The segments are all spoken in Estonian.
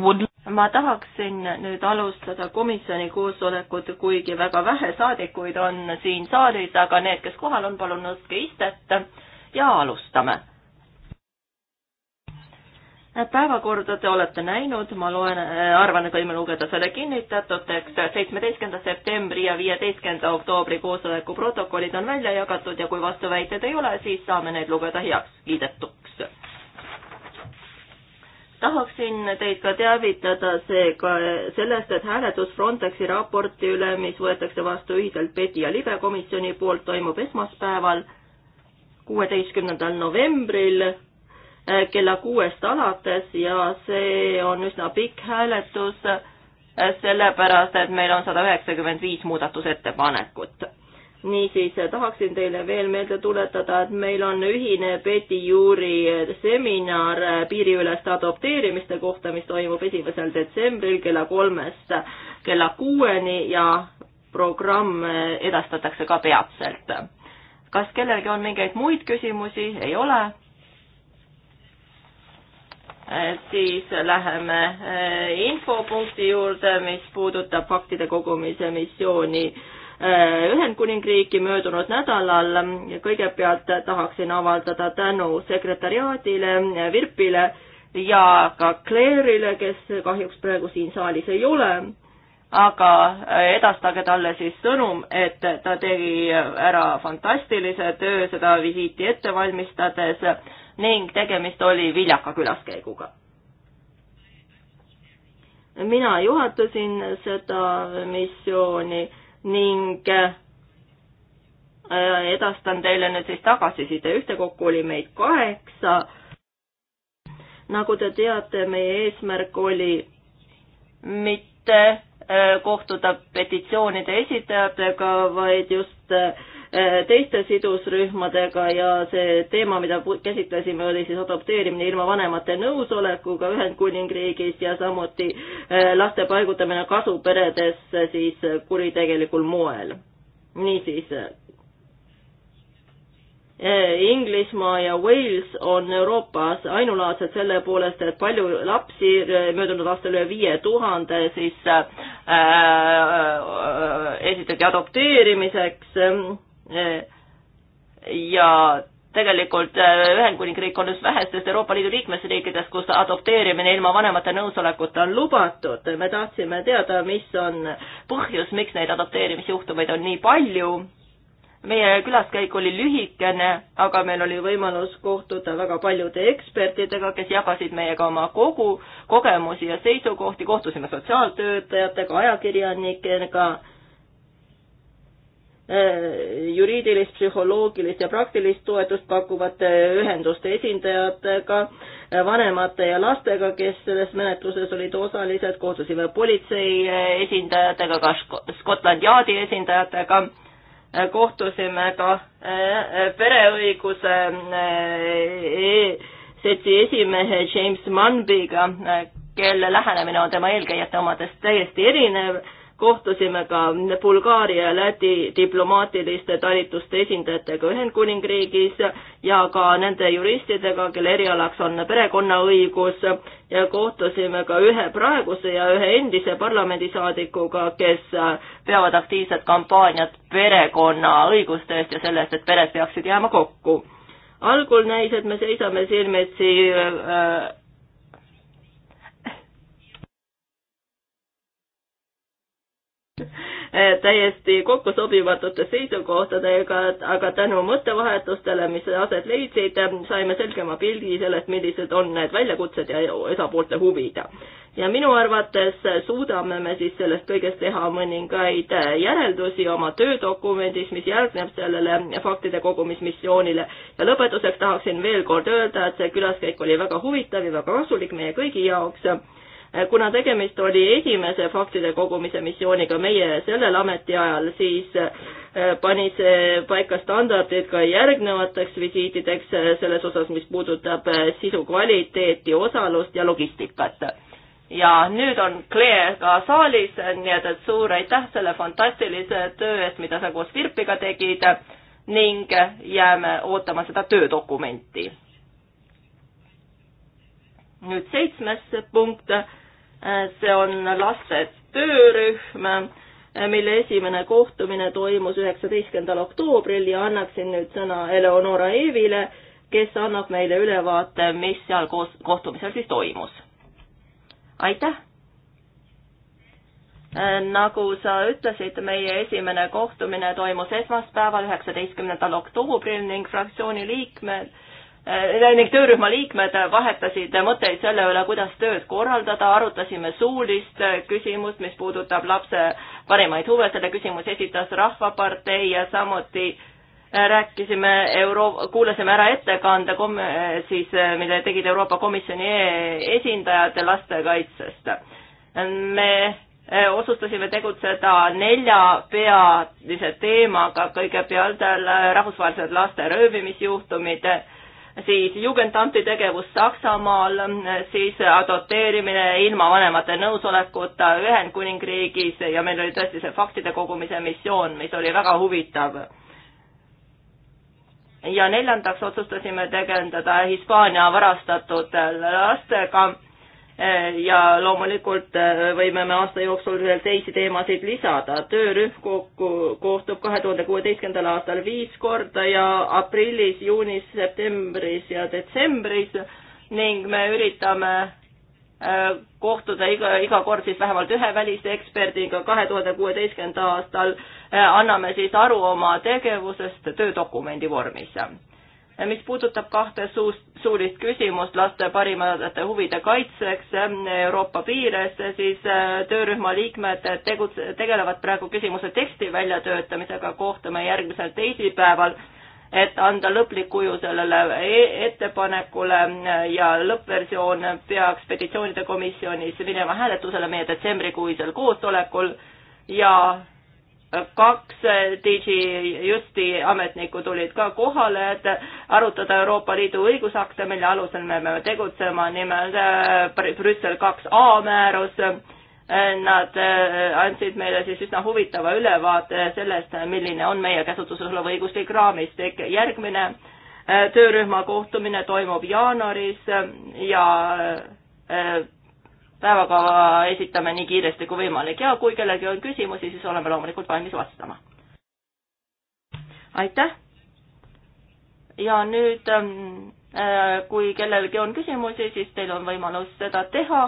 Would... ma tahaksin nüüd alustada komisjoni koosolekut, kuigi väga vähe saadikuid on siin saalis, aga need, kes kohal on, palun nõudke istet ja alustame. päevakorda te olete näinud, ma loen, äh, arvan, et võime lugeda selle kinnitatuteks. seitsmeteistkümnenda septembri ja viieteistkümnenda oktoobri koosoleku protokollid on välja jagatud ja kui vastuväiteid ei ole, siis saame need lugeda heaks kiidetud tahaksin teid ka teavitada seega sellest, et hääletus Frontexi raporti üle, mis võetakse vastu ühiselt PETI ja libe komisjoni poolt, toimub esmaspäeval, kuueteistkümnendal novembril eh, kella kuuest alates ja see on üsna pikk hääletus, eh, sellepärast et meil on sada üheksakümmend viis muudatusettepanekut niisiis tahaksin teile veel meelde tuletada, et meil on ühine Betty Juuri seminar piiriüleste adopteerimiste kohta, mis toimub esimesel detsembril kella kolmest kella kuueni ja programm edastatakse ka peatselt. kas kellelgi on mingeid muid küsimusi? ei ole? siis läheme eh, infopunkti juurde, mis puudutab faktide kogumise missiooni Äh, Ühendkuningriiki möödunud nädalal. kõigepealt tahaksin avaldada tänu sekretäriaadile, Virpile ja ka Claire'ile, kes kahjuks praegu siin saalis ei ole. aga äh, edastage talle siis sõnum, et ta tegi ära fantastilise töö seda visiiti ette valmistades ning tegemist oli viljaka külaskäiguga mina juhatasin seda missiooni ning äh, edastan teile nüüd siis tagasiside. ühtekokku oli meid kaheksa. nagu te teate, meie eesmärk oli mitte äh, kohtuda petitsioonide esitajatega, vaid just äh, Äh, teiste sidusrühmadega ja see teema, mida käsitlesime, oli siis adopteerimine ilma vanemate nõusolekuga Ühendkuningriigis ja samuti äh, laste paigutamine kasuperedesse siis äh, kuritegelikul moel. niisiis, Inglismaa ja Wales on Euroopas ainulaadsed selle poolest, et palju lapsi, möödunud aastal üle viie tuhande, siis äh, esitati adopteerimiseks äh, ja tegelikult äh, Ühendkuningriik on üks vähestest Euroopa Liidu liikmesriikidest, kus adopteerimine ilma vanemate nõusolekuta on lubatud. me tahtsime teada, mis on põhjus, miks neid adopteerimisjuhtumeid on nii palju. meie külaskäik oli lühikene, aga meil oli võimalus kohtuda väga paljude ekspertidega, kes jagasid meiega oma kogu kogemusi ja seisukohti, kohtusime sotsiaaltöötajatega, ajakirjanikega Äh, juriidilist, psühholoogilist ja praktilist toetust pakkuvate ühenduste esindajatega, äh, vanemate ja lastega, kes selles menetluses olid osalised, kohtusime politsei äh, esindajatega, ka Scotland Yardi esindajatega, kohtusime ka pereõiguse e-, seltsi esimehe James Munbiga, kelle lähenemine on tema eelkäijate omadest täiesti erinev kohtusime ka Bulgaaria ja Läti diplomaatiliste talituste esindajatega Ühendkuningriigis ja ka nende juristidega, kelle erialaks on perekonnaõigus ja kohtusime ka ühe praeguse ja ühe endise parlamendisaadikuga, kes peavad aktiivset kampaaniat perekonnaõiguste eest ja selle eest, et pered peaksid jääma kokku algul näis, et me seisame silmitsi äh, täiesti kokku sobivatute seisukohtadega, aga tänu mõttevahetustele, mis aset leidsid, saime selgema pildi sellest, millised on need väljakutsed ja osapoolte huvid. ja minu arvates suudame me siis sellest kõigest teha mõningaid järeldusi oma töödokumendis, mis järgneb sellele faktide kogumismissioonile. ja lõpetuseks tahaksin veel kord öelda, et see külaskäik oli väga huvitav ja väga kasulik meie kõigi jaoks Eh, kuna tegemist oli esimese faktide kogumise missiooniga meie sellel ametiajal, siis eh, pani see paika standardid ka järgnevateks visiitideks eh, selles osas, mis puudutab sisu kvaliteeti, osalust ja logistikat. ja nüüd on Claire ka saalis, nii et, et suur aitäh selle fantastilise töö eest, mida sa koos Virpiga tegid ning jääme ootama seda töödokumenti. nüüd seitsmes punkt see on laste töörühm, mille esimene kohtumine toimus üheksateistkümnendal oktoobril ja annaksin nüüd sõna Eleonora Eevile, kes annab meile ülevaate, mis seal koos, kohtumisel siis toimus. aitäh! nagu sa ütlesid, meie esimene kohtumine toimus esmaspäeval, üheksateistkümnendal oktoobril ning fraktsiooni liikmed Äh, ning töörühma liikmed vahetasid mõtteid selle üle, kuidas tööd korraldada, arutasime suulist äh, küsimust, mis puudutab lapse parimaid huve, selle küsimuse esitas Rahvapartei ja samuti äh, rääkisime Euro-, kuulasime ära ettekande kom-, siis mille tegid Euroopa Komisjoni e-, esindajad lastekaitsest. me otsustasime tegutseda nelja pealise teemaga, kõigepealt rahvusvahelised laste röövimisjuhtumid, siis jugendamti tegevus Saksamaal, siis adopteerimine ilma vanemate nõusolekuta Ühendkuningriigis ja meil oli tõesti see faktide kogumise missioon, mis oli väga huvitav. ja neljandaks otsustasime tegeleda Hispaania varastatud lastega Eh, ja loomulikult eh, võime me aasta jooksul veel teisi teemasid lisada. töörühm kokku kohtub kahe tuhande kuueteistkümnendal aastal viis korda ja aprillis, juunis, septembris ja detsembris ning me üritame eh, kohtuda iga, iga kord siis vähemalt ühe väliseksperdiga kahe tuhande kuueteistkümnenda aastal, anname siis aru oma tegevusest töödokumendi vormis mis puudutab kahte suust, suulist küsimust laste parimate huvide kaitseks ähm, Euroopa piires, siis äh, töörühma liikmed tegutse-, tegelevad praegu küsimuse teksti väljatöötamisega, kohtume järgmisel teisipäeval, et anda lõplik kuju sellele e-, ettepanekule äh, ja lõppversioon peaks petitsioonide komisjonis minema hääletusele meie detsembrikuisel koosolekul ja kaks DG Justi ametnikku tulid ka kohale, et arutada Euroopa Liidu õigusakte, mille alusel me peame tegutsema, nimelt äh, Brüssel kaks A määrus. Nad äh, andsid meile siis üsna huvitava ülevaate sellest, milline on meie käsutuses olev õiguslik raamistik. järgmine äh, töörühma kohtumine toimub jaanuaris ja päevakava esitame nii kiiresti kui võimalik ja kui kellelgi on küsimusi, siis oleme loomulikult valmis vastama. aitäh! ja nüüd, ähm, äh, kui kellelgi on küsimusi, siis teil on võimalus seda teha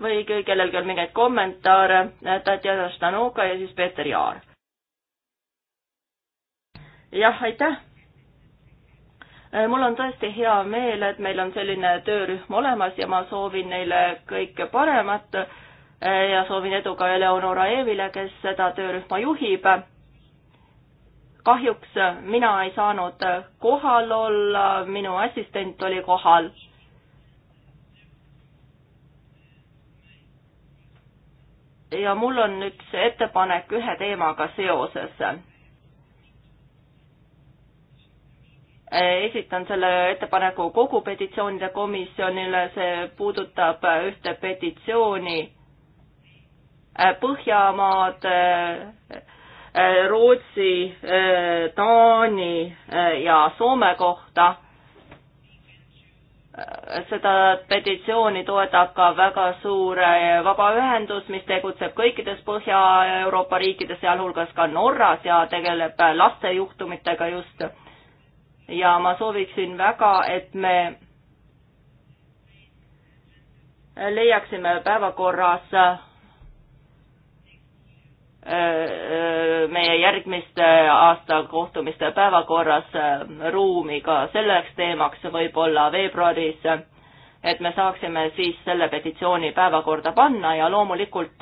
või kui kellelgi on mingeid kommentaare, äh, Tatjana Stanuka ja siis Peeter Jaar. jah, aitäh! Äh, mul on tõesti hea meel, et meil on selline töörühm olemas ja ma soovin neile kõike paremat äh, ja soovin edu ka Eleonora Eevile, kes seda töörühma juhib. kahjuks mina ei saanud kohal olla, minu assistent oli kohal. ja mul on üks ettepanek ühe teemaga seoses Eh, esitan selle ettepaneku kogu petitsioonide komisjonile, see puudutab ühte petitsiooni eh, Põhjamaad, eh, Rootsi, Taani ja Soome kohta. seda petitsiooni toetab ka väga suur vabaühendus, mis tegutseb kõikides Põhja-Euroopa riikides, sealhulgas ka Norras ja tegeleb laste juhtumitega just ja ma sooviksin väga, et me leiaksime päevakorras äh, äh, meie järgmiste aasta kohtumiste päevakorras äh, ruumi ka selleks teemaks võib-olla veebruaris, et me saaksime siis selle petitsiooni päevakorda panna ja loomulikult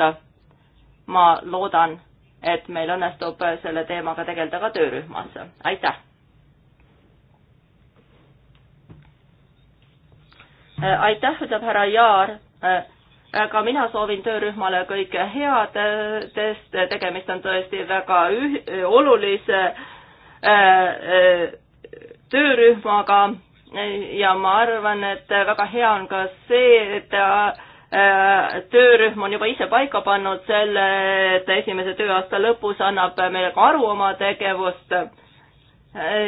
ma loodan, et meil õnnestub selle teemaga tegeleda ka töörühmas. aitäh! Äh, aitäh, ütleb härra Jaar. ka äh, mina soovin töörühmale kõike head, äh, sest tegemist on tõesti väga üh-, olulise töörühmaga ja ma arvan, et väga hea on ka see, et töörühm on juba ise paika pannud selle, et esimese tööaasta lõpus annab meile ka aru oma tegevust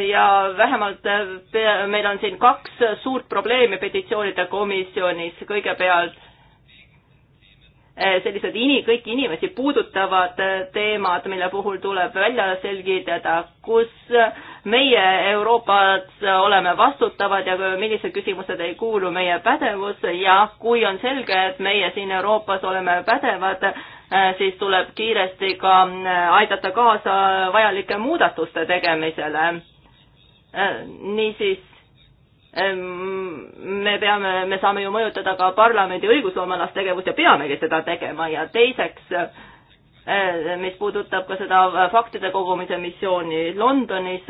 ja vähemalt äh, meil on siin kaks suurt probleemi petitsioonide komisjonis, kõigepealt äh, sellised ini-, kõiki inimesi puudutavad äh, teemad, mille puhul tuleb välja selgitada, kus meie Euroopas oleme vastutavad ja millised küsimused ei kuulu meie pädevusse ja kui on selge, et meie siin Euroopas oleme pädevad, Äh, siis tuleb kiiresti ka äh, aidata kaasa vajalike muudatuste tegemisele. Äh, niisiis ähm, me peame, me saame ju mõjutada ka parlamendi õigusloomalast tegevust ja peamegi seda tegema ja teiseks, mis puudutab ka seda faktide kogumise missiooni Londonis,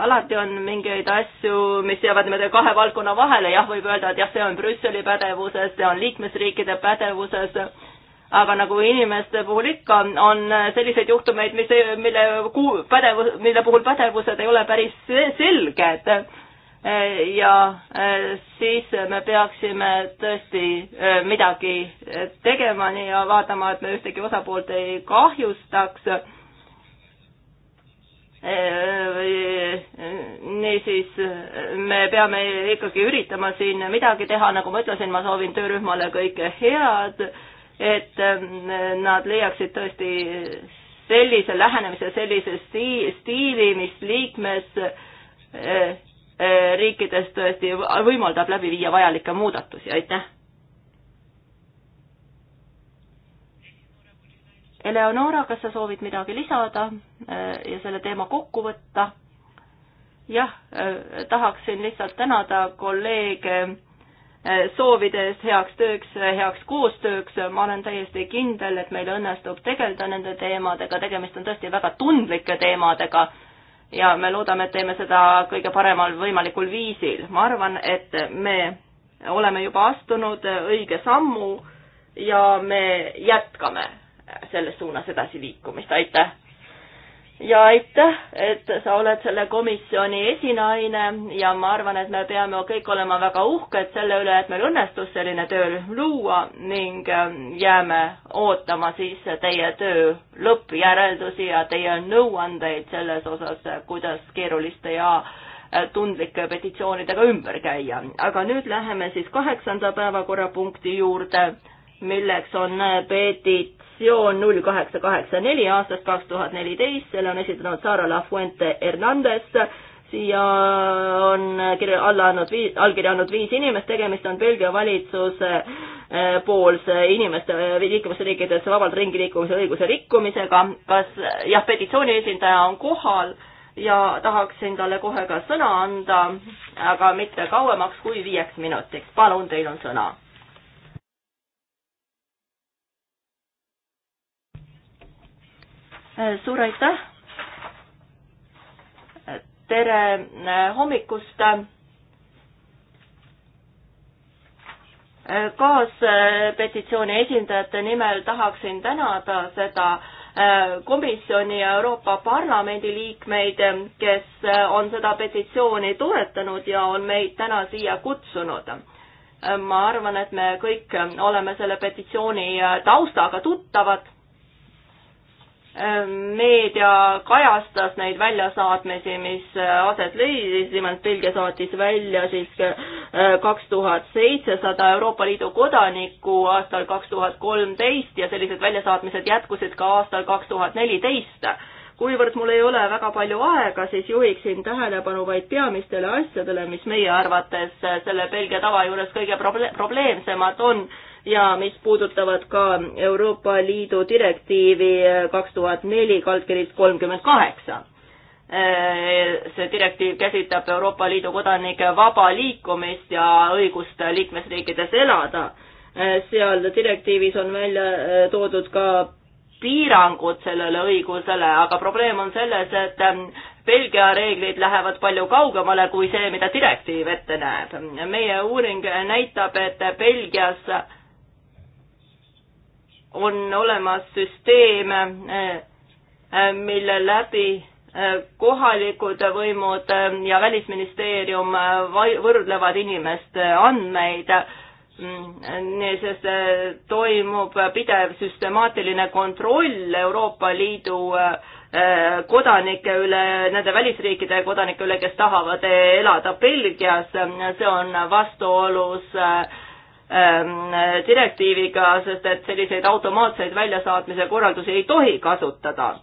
alati on mingeid asju, mis jäävad niimoodi kahe valdkonna vahele, jah, võib öelda, et jah, see on Brüsseli pädevuses, see on liikmesriikide pädevuses aga nagu inimeste puhul ikka, on selliseid juhtumeid, mis, mille kuu-, pädevus, mille puhul pädevused ei ole päris selged. ja eh, siis me peaksime tõesti eh, midagi tegema ja vaatama, et me ühtegi osapoolt ei kahjustaks. Eh, niisiis me peame ikkagi üritama siin midagi teha, nagu ma ütlesin, ma soovin töörühmale kõike head et ähm, nad leiaksid tõesti sellise lähenemise, sellise stiili, mis liikmes äh, äh, riikides tõesti võimaldab läbi viia vajalikke muudatusi, aitäh. Eleonora, kas sa soovid midagi lisada äh, ja selle teema kokku võtta? jah, tahaksin lihtsalt tänada kolleege soovide eest heaks tööks, heaks koostööks, ma olen täiesti kindel, et meil õnnestub tegeleda nende teemadega, tegemist on tõesti väga tundlike teemadega ja me loodame, et teeme seda kõige paremal võimalikul viisil. ma arvan, et me oleme juba astunud õige sammu ja me jätkame selles suunas edasiliikumist, aitäh! ja aitäh, et sa oled selle komisjoni esinaine ja ma arvan, et me peame kõik olema väga uhked selle üle, et meil õnnestus selline töörühm luua ning ähm, jääme ootama siis teie töö lõppjäreldusi ja teie nõuandeid selles osas, kuidas keeruliste ja äh, tundlike petitsioonidega ümber käia. aga nüüd läheme siis kaheksanda päevakorrapunkti juurde milleks on äh, petit resolutsioon null kaheksa kaheksa neli aastast kaks tuhat neliteist, selle on esitanud Sara Lafuente Hernandez, siia on kirja, alla andnud viis, allkirja andnud viis inimest, tegemist on Belgia valitsuse eh, poolse inimeste eh, liikmesriikides vabalt ringi liikumise õiguse rikkumisega, kas jah, petitsiooni esindaja on kohal ja tahaksin talle kohe ka sõna anda, aga mitte kauemaks kui viieks minutiks, palun, teil on sõna Äh, suur aitäh. tere äh, hommikust. Äh, kaaspetitsiooni esindajate nimel tahaksin tänada seda komisjoni ja Euroopa Parlamendi liikmeid, kes on seda petitsiooni toetanud ja on meid täna siia kutsunud. ma arvan, et me kõik oleme selle petitsiooni taustaga tuttavad Äh, meedia kajastas neid väljasaatmisi, mis äh, aset leidis, nimelt Belgia saatis välja siis äh, kaks tuhat seitsesada Euroopa Liidu kodanikku aastal kaks tuhat kolmteist ja sellised väljasaatmised jätkusid ka aastal kaks tuhat neliteist. kuivõrd mul ei ole väga palju aega, siis juhiksin tähelepanu vaid peamistele asjadele, mis meie arvates selle Belgia tava juures kõige proble probleemsemad on ja mis puudutavad ka Euroopa Liidu direktiivi kaks tuhat neli kaldkirjast kolmkümmend kaheksa. see direktiiv käsitleb Euroopa Liidu kodanike vaba liikumist ja õigust liikmesriikides elada. seal direktiivis on välja äh, toodud ka piirangud sellele õigusele, aga probleem on selles, et ähm, Belgia reeglid lähevad palju kaugemale kui see, mida direktiiv ette näeb. meie uuring näitab, et Belgias on olemas süsteem, mille läbi eh, kohalikud võimud eh, ja Välisministeerium eh, võrdlevad inimeste andmeid, mm, sest toimub pidev süstemaatiline kontroll Euroopa Liidu kodanike üle, nende välisriikide kodanike üle, kes tahavad elada Belgias, see on vastuolus äh, Ähm, direktiiviga, sest et selliseid automaatseid väljasaatmise korraldusi ei tohi kasutada.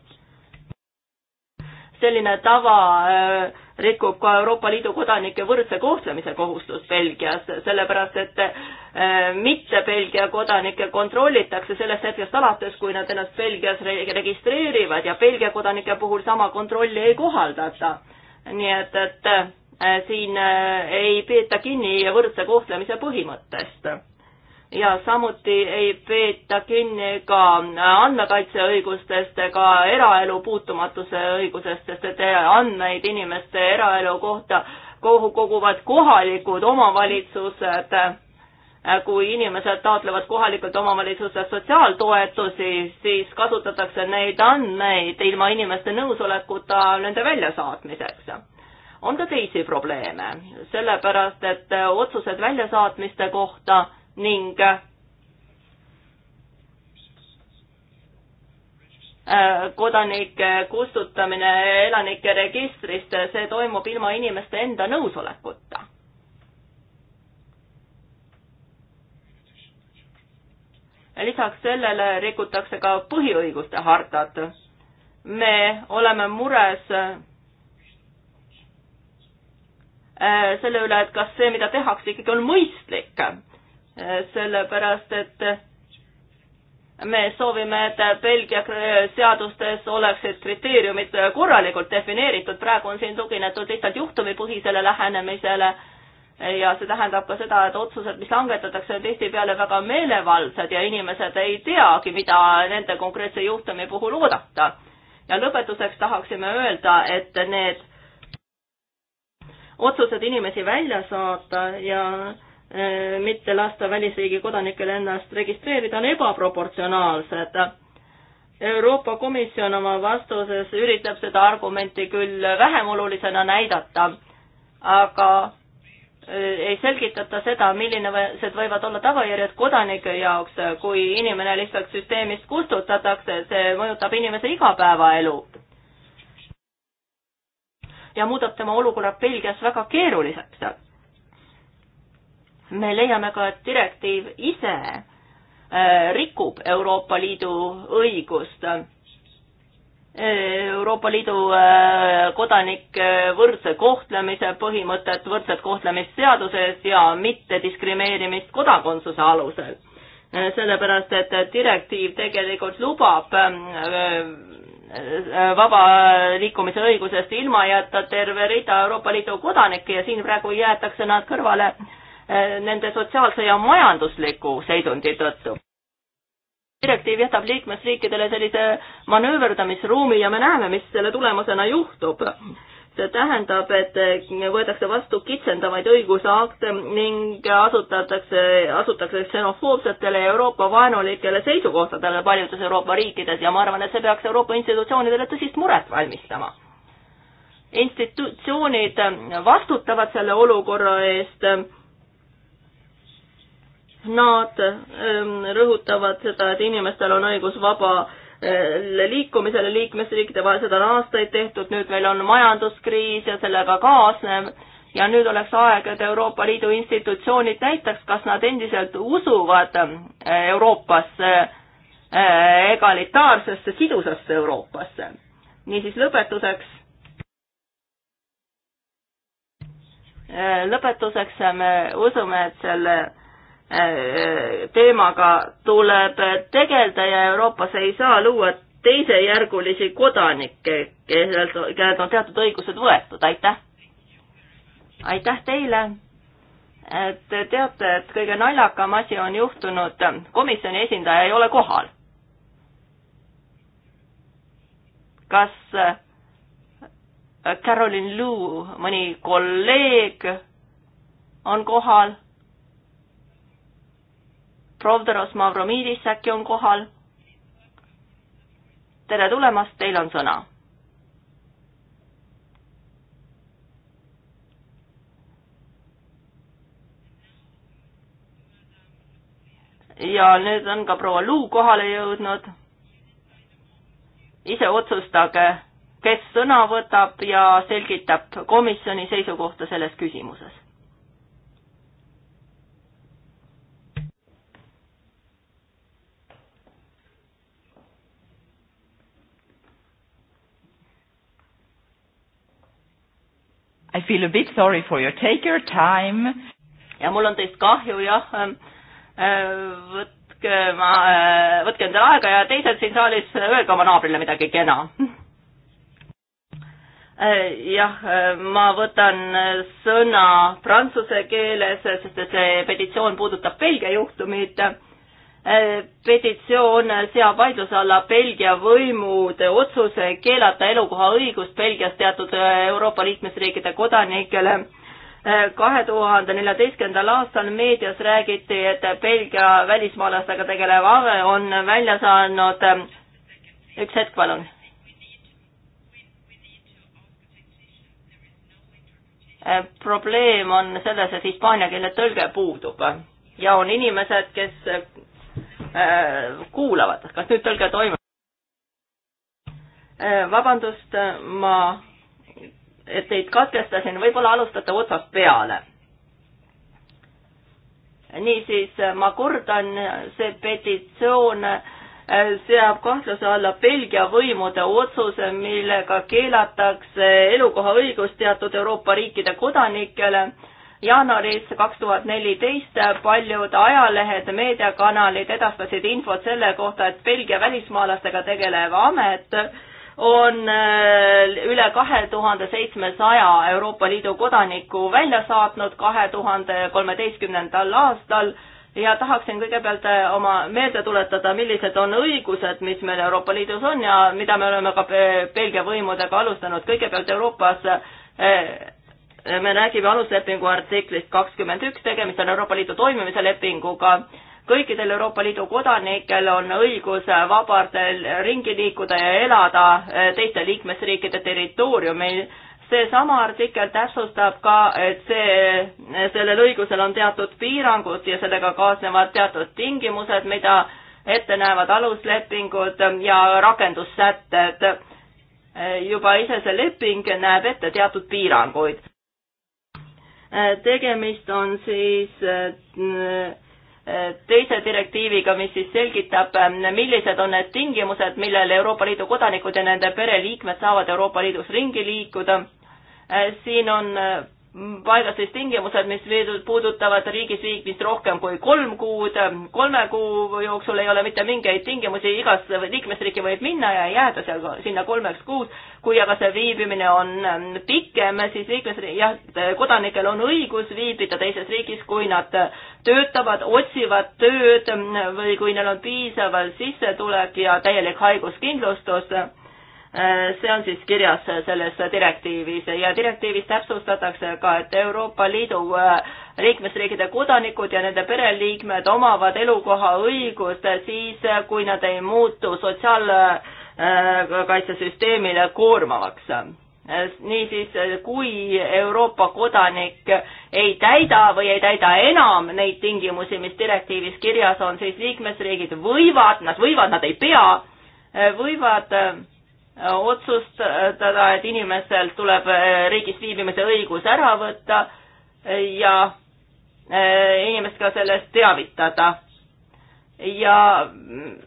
selline tava äh, rikub ka Euroopa Liidu kodanike võrdse kohtlemise kohustus Belgias, sellepärast et äh, mitte Belgia kodanikke kontrollitakse sellest hetkest alates, kui nad ennast Belgias registreerivad ja Belgia kodanike puhul sama kontrolli ei kohaldata. nii et, et äh, Äh, siin äh, ei peeta kinni võrdse kohtlemise põhimõttest. ja samuti ei peeta kinni ka äh, andmekaitseõigustest ega eraelu puutumatuse õigusest, sest et andmeid inimeste eraelu kohta koguvad kohalikud omavalitsused. kui inimesed taotlevad kohalikult omavalitsuselt sotsiaaltoetusi, siis kasutatakse neid andmeid ilma inimeste nõusolekuta nende väljasaatmiseks on ka teisi probleeme, sellepärast et äh, otsused väljasaatmiste kohta ning äh, kodanike kustutamine elanike registrist, see toimub ilma inimeste enda nõusolekuta. lisaks sellele rikutakse ka põhiõiguste hartat. me oleme mures Äh, selle üle, et kas see, mida tehakse, ikkagi on mõistlik. Äh, sellepärast, et me soovime, et Belgia seadustes oleksid kriteeriumid korralikult defineeritud, praegu on siin tuginetud lihtsalt juhtumipõhisele lähenemisele ja see tähendab ka seda, et otsused, mis langetatakse, on tihtipeale väga meelevaldsed ja inimesed ei teagi, mida nende konkreetse juhtumi puhul oodata. ja lõpetuseks tahaksime öelda, et need otsused inimesi välja saata ja eh, mitte lasta välisriigi kodanikel ennast registreerida, on ebaproportsionaalsed. Euroopa Komisjon oma vastuses üritab seda argumenti küll vähem olulisena näidata, aga eh, ei selgitata seda, milline või, see võivad olla tagajärjed kodanike jaoks, kui inimene lihtsalt süsteemist kustutatakse, see mõjutab inimese igapäevaelu ja muudab tema olukorra Belgias väga keeruliseks. me leiame ka, et direktiiv ise äh, rikub Euroopa Liidu õigust. Euroopa Liidu äh, kodanike äh, võrdse kohtlemise põhimõtet, võrdset kohtlemist seaduses ja mittediskrimineerimist kodakondsuse alusel. sellepärast, et direktiiv tegelikult lubab Äh, vaba liikumise õigusest ilma jätta terve rida Euroopa Liidu kodanikke ja siin praegu jäetakse nad kõrvale äh, nende sotsiaalse ja majandusliku seisundi tõttu. direktiiv jätab liikmesriikidele sellise manööverdamisruumi ja me näeme, mis selle tulemusena juhtub tähendab, et võetakse vastu kitsendavaid õigusakte ning asutatakse, asutakse ksenofoobsetele ja Euroopa vaenulikele seisukohtadele paljudes Euroopa riikides ja ma arvan, et see peaks Euroopa institutsioonidele tõsist muret valmistama. institutsioonid vastutavad selle olukorra eest Nad ähm, rõhutavad seda, et inimestel on õigus vaba liikumisele liikmesriikide vahel, seda on aastaid tehtud, nüüd meil on majanduskriis ja sellega kaasnev ja nüüd oleks aeg, et Euroopa Liidu institutsioonid näitaks, kas nad endiselt usuvad eh, Euroopasse, eh, egalitaarsesse, sidusasse Euroopasse. niisiis lõpetuseks. Eh, lõpetuseks me usume, et selle Äh, teemaga tuleb tegeleda ja Euroopas ei saa luua teisejärgulisi kodanikke, kellelt, kellelt on teatud õigused võetud, aitäh! aitäh teile! Te teate, et kõige naljakam asi on juhtunud, komisjoni esindaja ei ole kohal. kas äh, Carolyn Lou, mõni kolleeg on kohal? Provdoros Mavromiidis äkki on kohal. tere tulemast, teil on sõna. ja nüüd on ka proua Luu kohale jõudnud. ise otsustage, kes sõna võtab ja selgitab komisjoni seisukohta selles küsimuses I feel a bit sorry for you, take your time. ja mul on teist kahju, jah. Ähm, äh, võtke ma, äh, võtke endale aega ja teised siin saalis, äh, öelge oma naabrile midagi kena jah, ma võtan sõna prantsuse keeles, sest see petitsioon puudutab Belgia juhtumit Äh, petitsioon seab vaidluse alla Belgia võimude otsuse keelata elukohaõigus Belgias teatud äh, Euroopa liikmesriikide kodanikele. Äh, kahe tuhande neljateistkümnendal aastal meedias räägiti, et Belgia välismaalastega tegelev AVE on välja saanud, üks hetk palun. probleem on selles, et hispaania keele tõlge puudub ja on inimesed, kes Äh, kuulavad, kas nüüd tõlge toimub? Äh, vabandust, ma teid katkestasin, võib-olla alustate otsast peale. niisiis, ma kordan, see petitsioon äh, seab kahtluse alla Belgia võimude otsuse, millega keelatakse elukohaõigus teatud Euroopa riikide kodanikele jaanuaris kaks tuhat neliteist paljud ajalehed, meediakanalid edastasid infot selle kohta, et Belgia välismaalastega tegelev amet on äh, üle kahe tuhande seitsmesaja Euroopa Liidu kodaniku välja saatnud kahe tuhande kolmeteistkümnendal aastal ja tahaksin kõigepealt äh, oma meelde tuletada, millised on õigused, mis meil Euroopa Liidus on ja mida me oleme ka Belgia võimudega alustanud. kõigepealt Euroopas äh, me räägime aluslepingu artiklist kakskümmend üks, tegemist on Euroopa Liidu toimimise lepinguga. kõikidel Euroopa Liidu kodanikel on õigus vabalt ringi liikuda ja elada eh, teiste liikmesriikide territooriumil. seesama artikkel täpsustab ka, et see, sellel õigusel on teatud piirangud ja sellega kaasnevad teatud tingimused, mida ette näevad aluslepingud ja rakendussätted eh, juba ise see leping näeb ette teatud piiranguid. Äh, tegemist on siis äh, äh, teise direktiiviga, mis siis selgitab, millised on need tingimused, millel Euroopa Liidu kodanikud ja nende pereliikmed saavad Euroopa Liidus ringi liikuda. siin on paigas siis tingimused, mis puudutavad riigis viibimist rohkem kui kolm kuud, kolme kuu jooksul ei ole mitte mingeid tingimusi, igas liikmesriiki võib minna ja jääda seal sinna kolmeks kuus, kui aga see viibimine on ähm, pikem, siis liikmesriik, jah, kodanikel on õigus viibida teises riigis, kui nad töötavad, otsivad tööd ähm, või kui neil on piisaval sissetulek ja täielik haiguskindlustus Äh, see on siis kirjas selles direktiivis ja direktiivis täpsustatakse ka, et Euroopa Liidu äh, liikmesriikide kodanikud ja nende pereliikmed omavad elukohaõigust siis, äh, kui nad ei muutu sotsiaalkaitsesüsteemile koormavaks. niisiis, kui Euroopa kodanik ei täida või ei täida enam neid tingimusi, mis direktiivis kirjas on, siis liikmesriigid võivad, nad võivad, nad ei pea, võivad otsustada, et inimestelt tuleb äh, riigis viibimise õigus ära võtta ja äh, inimest ka sellest teavitada. ja mm,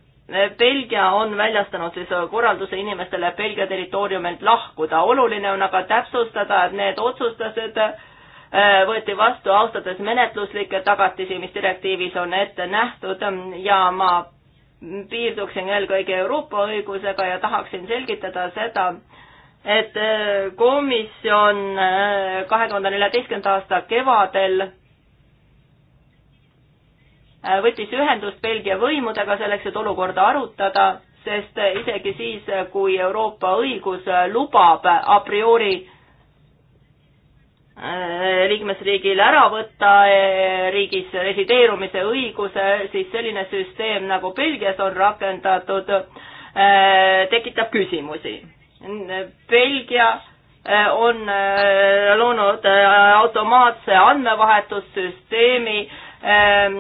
Belgia on väljastanud siis korralduse inimestele Belgia territooriumilt lahkuda. oluline on aga täpsustada, et need otsustused äh, võeti vastu austades menetluslikke tagatisi, mis direktiivis on ette nähtud ja ma piirduksin eelkõige Euroopa õigusega ja tahaksin selgitada seda, et äh, komisjon äh, kahe tuhande neljateistkümnenda aasta kevadel äh, võttis ühendust Belgia võimudega selleks, et olukorda arutada, sest isegi siis, kui Euroopa õigus lubab a priori Äh, liikmesriigil ära võtta äh, riigis resideerumise õiguse, siis selline süsteem nagu Belgias on rakendatud, äh, tekitab küsimusi. Belgia on loonud automaatse andmevahetussüsteemi ähm,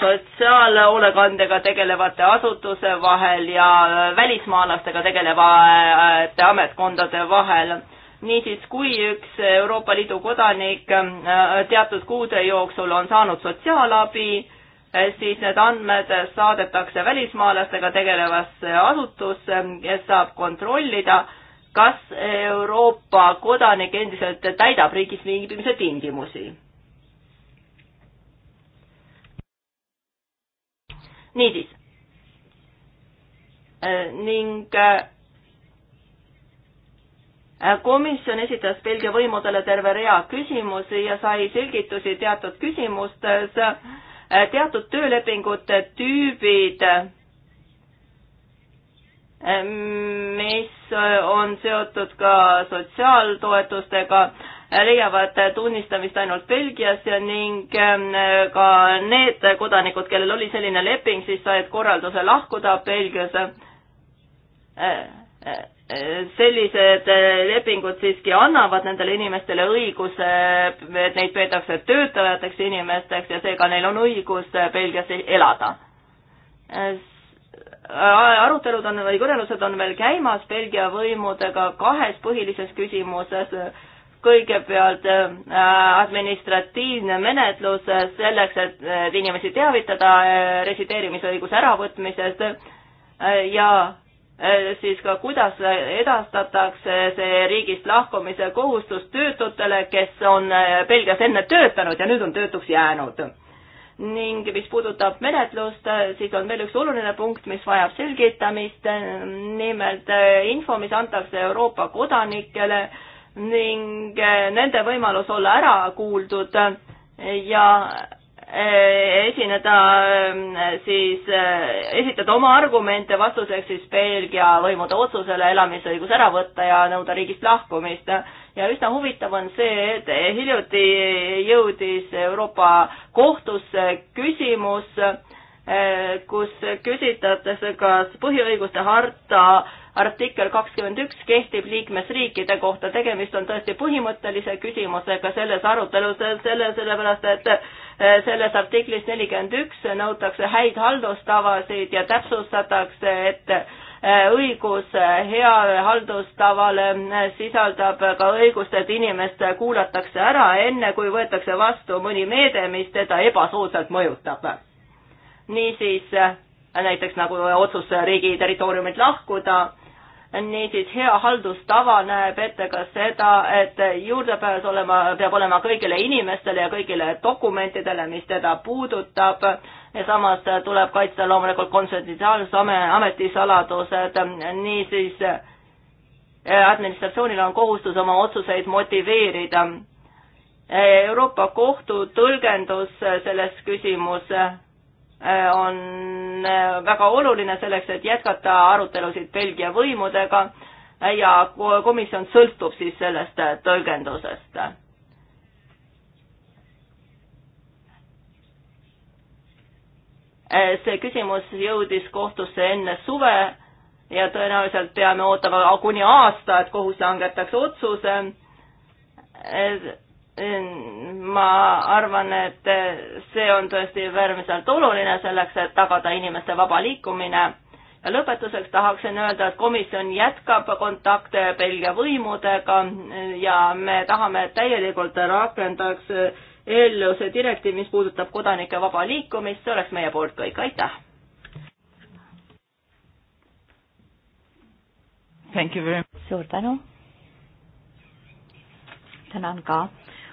sotsiaalhoolekandega tegelevate asutuse vahel ja välismaalastega tegelevate ametkondade vahel niisiis, kui üks Euroopa Liidu kodanik äh, teatud kuude jooksul on saanud sotsiaalabi, äh, siis need andmed saadetakse välismaalastega tegelevasse asutusse, kes saab kontrollida, kas Euroopa kodanik endiselt täidab riigis viibimise tingimusi. niisiis äh, ning komisjon esitas Belgia võimudele terve rea küsimusi ja sai selgitusi teatud küsimustes. teatud töölepingute tüübid, mis on seotud ka sotsiaaltoetustega, leiavad tunnistamist ainult Belgias ning ähm, ka need kodanikud, kellel oli selline leping, siis said korralduse lahkuda Belgiasse äh, äh, sellised äh, lepingud siiski annavad nendele inimestele õiguse, et neid peetakse töötajateks inimesteks ja seega neil on õigus äh, Belgias elada. Äh, arutelud on või kõnelused on veel käimas Belgia võimudega kahes põhilises küsimuses. kõigepealt administratiivne menetlus selleks, et inimesi teavitada resideerimisõiguse äravõtmisest ja Äh, siis ka kuidas edastatakse see riigist lahkumise kohustus töötutele, kes on äh, Belgias enne töötanud ja nüüd on töötuks jäänud. ning mis puudutab menetlust, äh, siis on veel üks oluline punkt, mis vajab selgitamist, nimelt info, mis antakse Euroopa kodanikele ning nende võimalus olla ära kuuldud ja Eh, esineda eh, siis, eh, esitada oma argumente vastuseks siis Belgia võimude otsusele elamisõigus ära võtta ja nõuda riigist lahkumist. ja üsna huvitav on see, et hiljuti jõudis Euroopa kohtusse küsimus, kus küsitletakse, kas põhiõiguste harta artikkel kakskümmend üks kehtib liikmesriikide kohta, tegemist on tõesti põhimõttelise küsimusega selles arutelus, selle, sellepärast et äh, selles artiklis nelikümmend üks nõutakse häid haldustavasid ja täpsustatakse, et äh, õigus heale haldustavale äh, sisaldab ka õigust, et inimest kuulatakse ära, enne kui võetakse vastu mõni meede, mis teda ebasoodsalt mõjutab. niisiis näiteks nagu otsus riigi territooriumilt lahkuda niisiis, hea haldustava näeb ette ka seda, et juurdepääs olema, peab olema kõigile inimestele ja kõigile dokumentidele, mis teda puudutab ja samas tuleb kaitsta loomulikult konfidentsiaalsuse ametisaladused, niisiis administratsioonil on kohustus oma otsuseid motiveerida. Euroopa Kohtu tõlgendus selles küsimuses Äh, on äh, väga oluline selleks, et jätkata arutelusid Belgia võimudega äh, ja komisjon sõltub siis sellest tõlgendusest. see küsimus jõudis kohtusse enne suve ja tõenäoliselt peame ootama kuni aasta, et kohus langetaks otsuse Ehm, ma arvan, et see on tõesti äärmiselt oluline selleks, et tagada inimeste vaba liikumine. ja lõpetuseks tahaksin öelda, et komisjon jätkab kontakte Belgia võimudega ja me tahame täielikult rakendaks eelnõu see direktiiv, mis puudutab kodanike vaba liikumist, see oleks meie poolt kõik, aitäh! suur tänu! tänan ka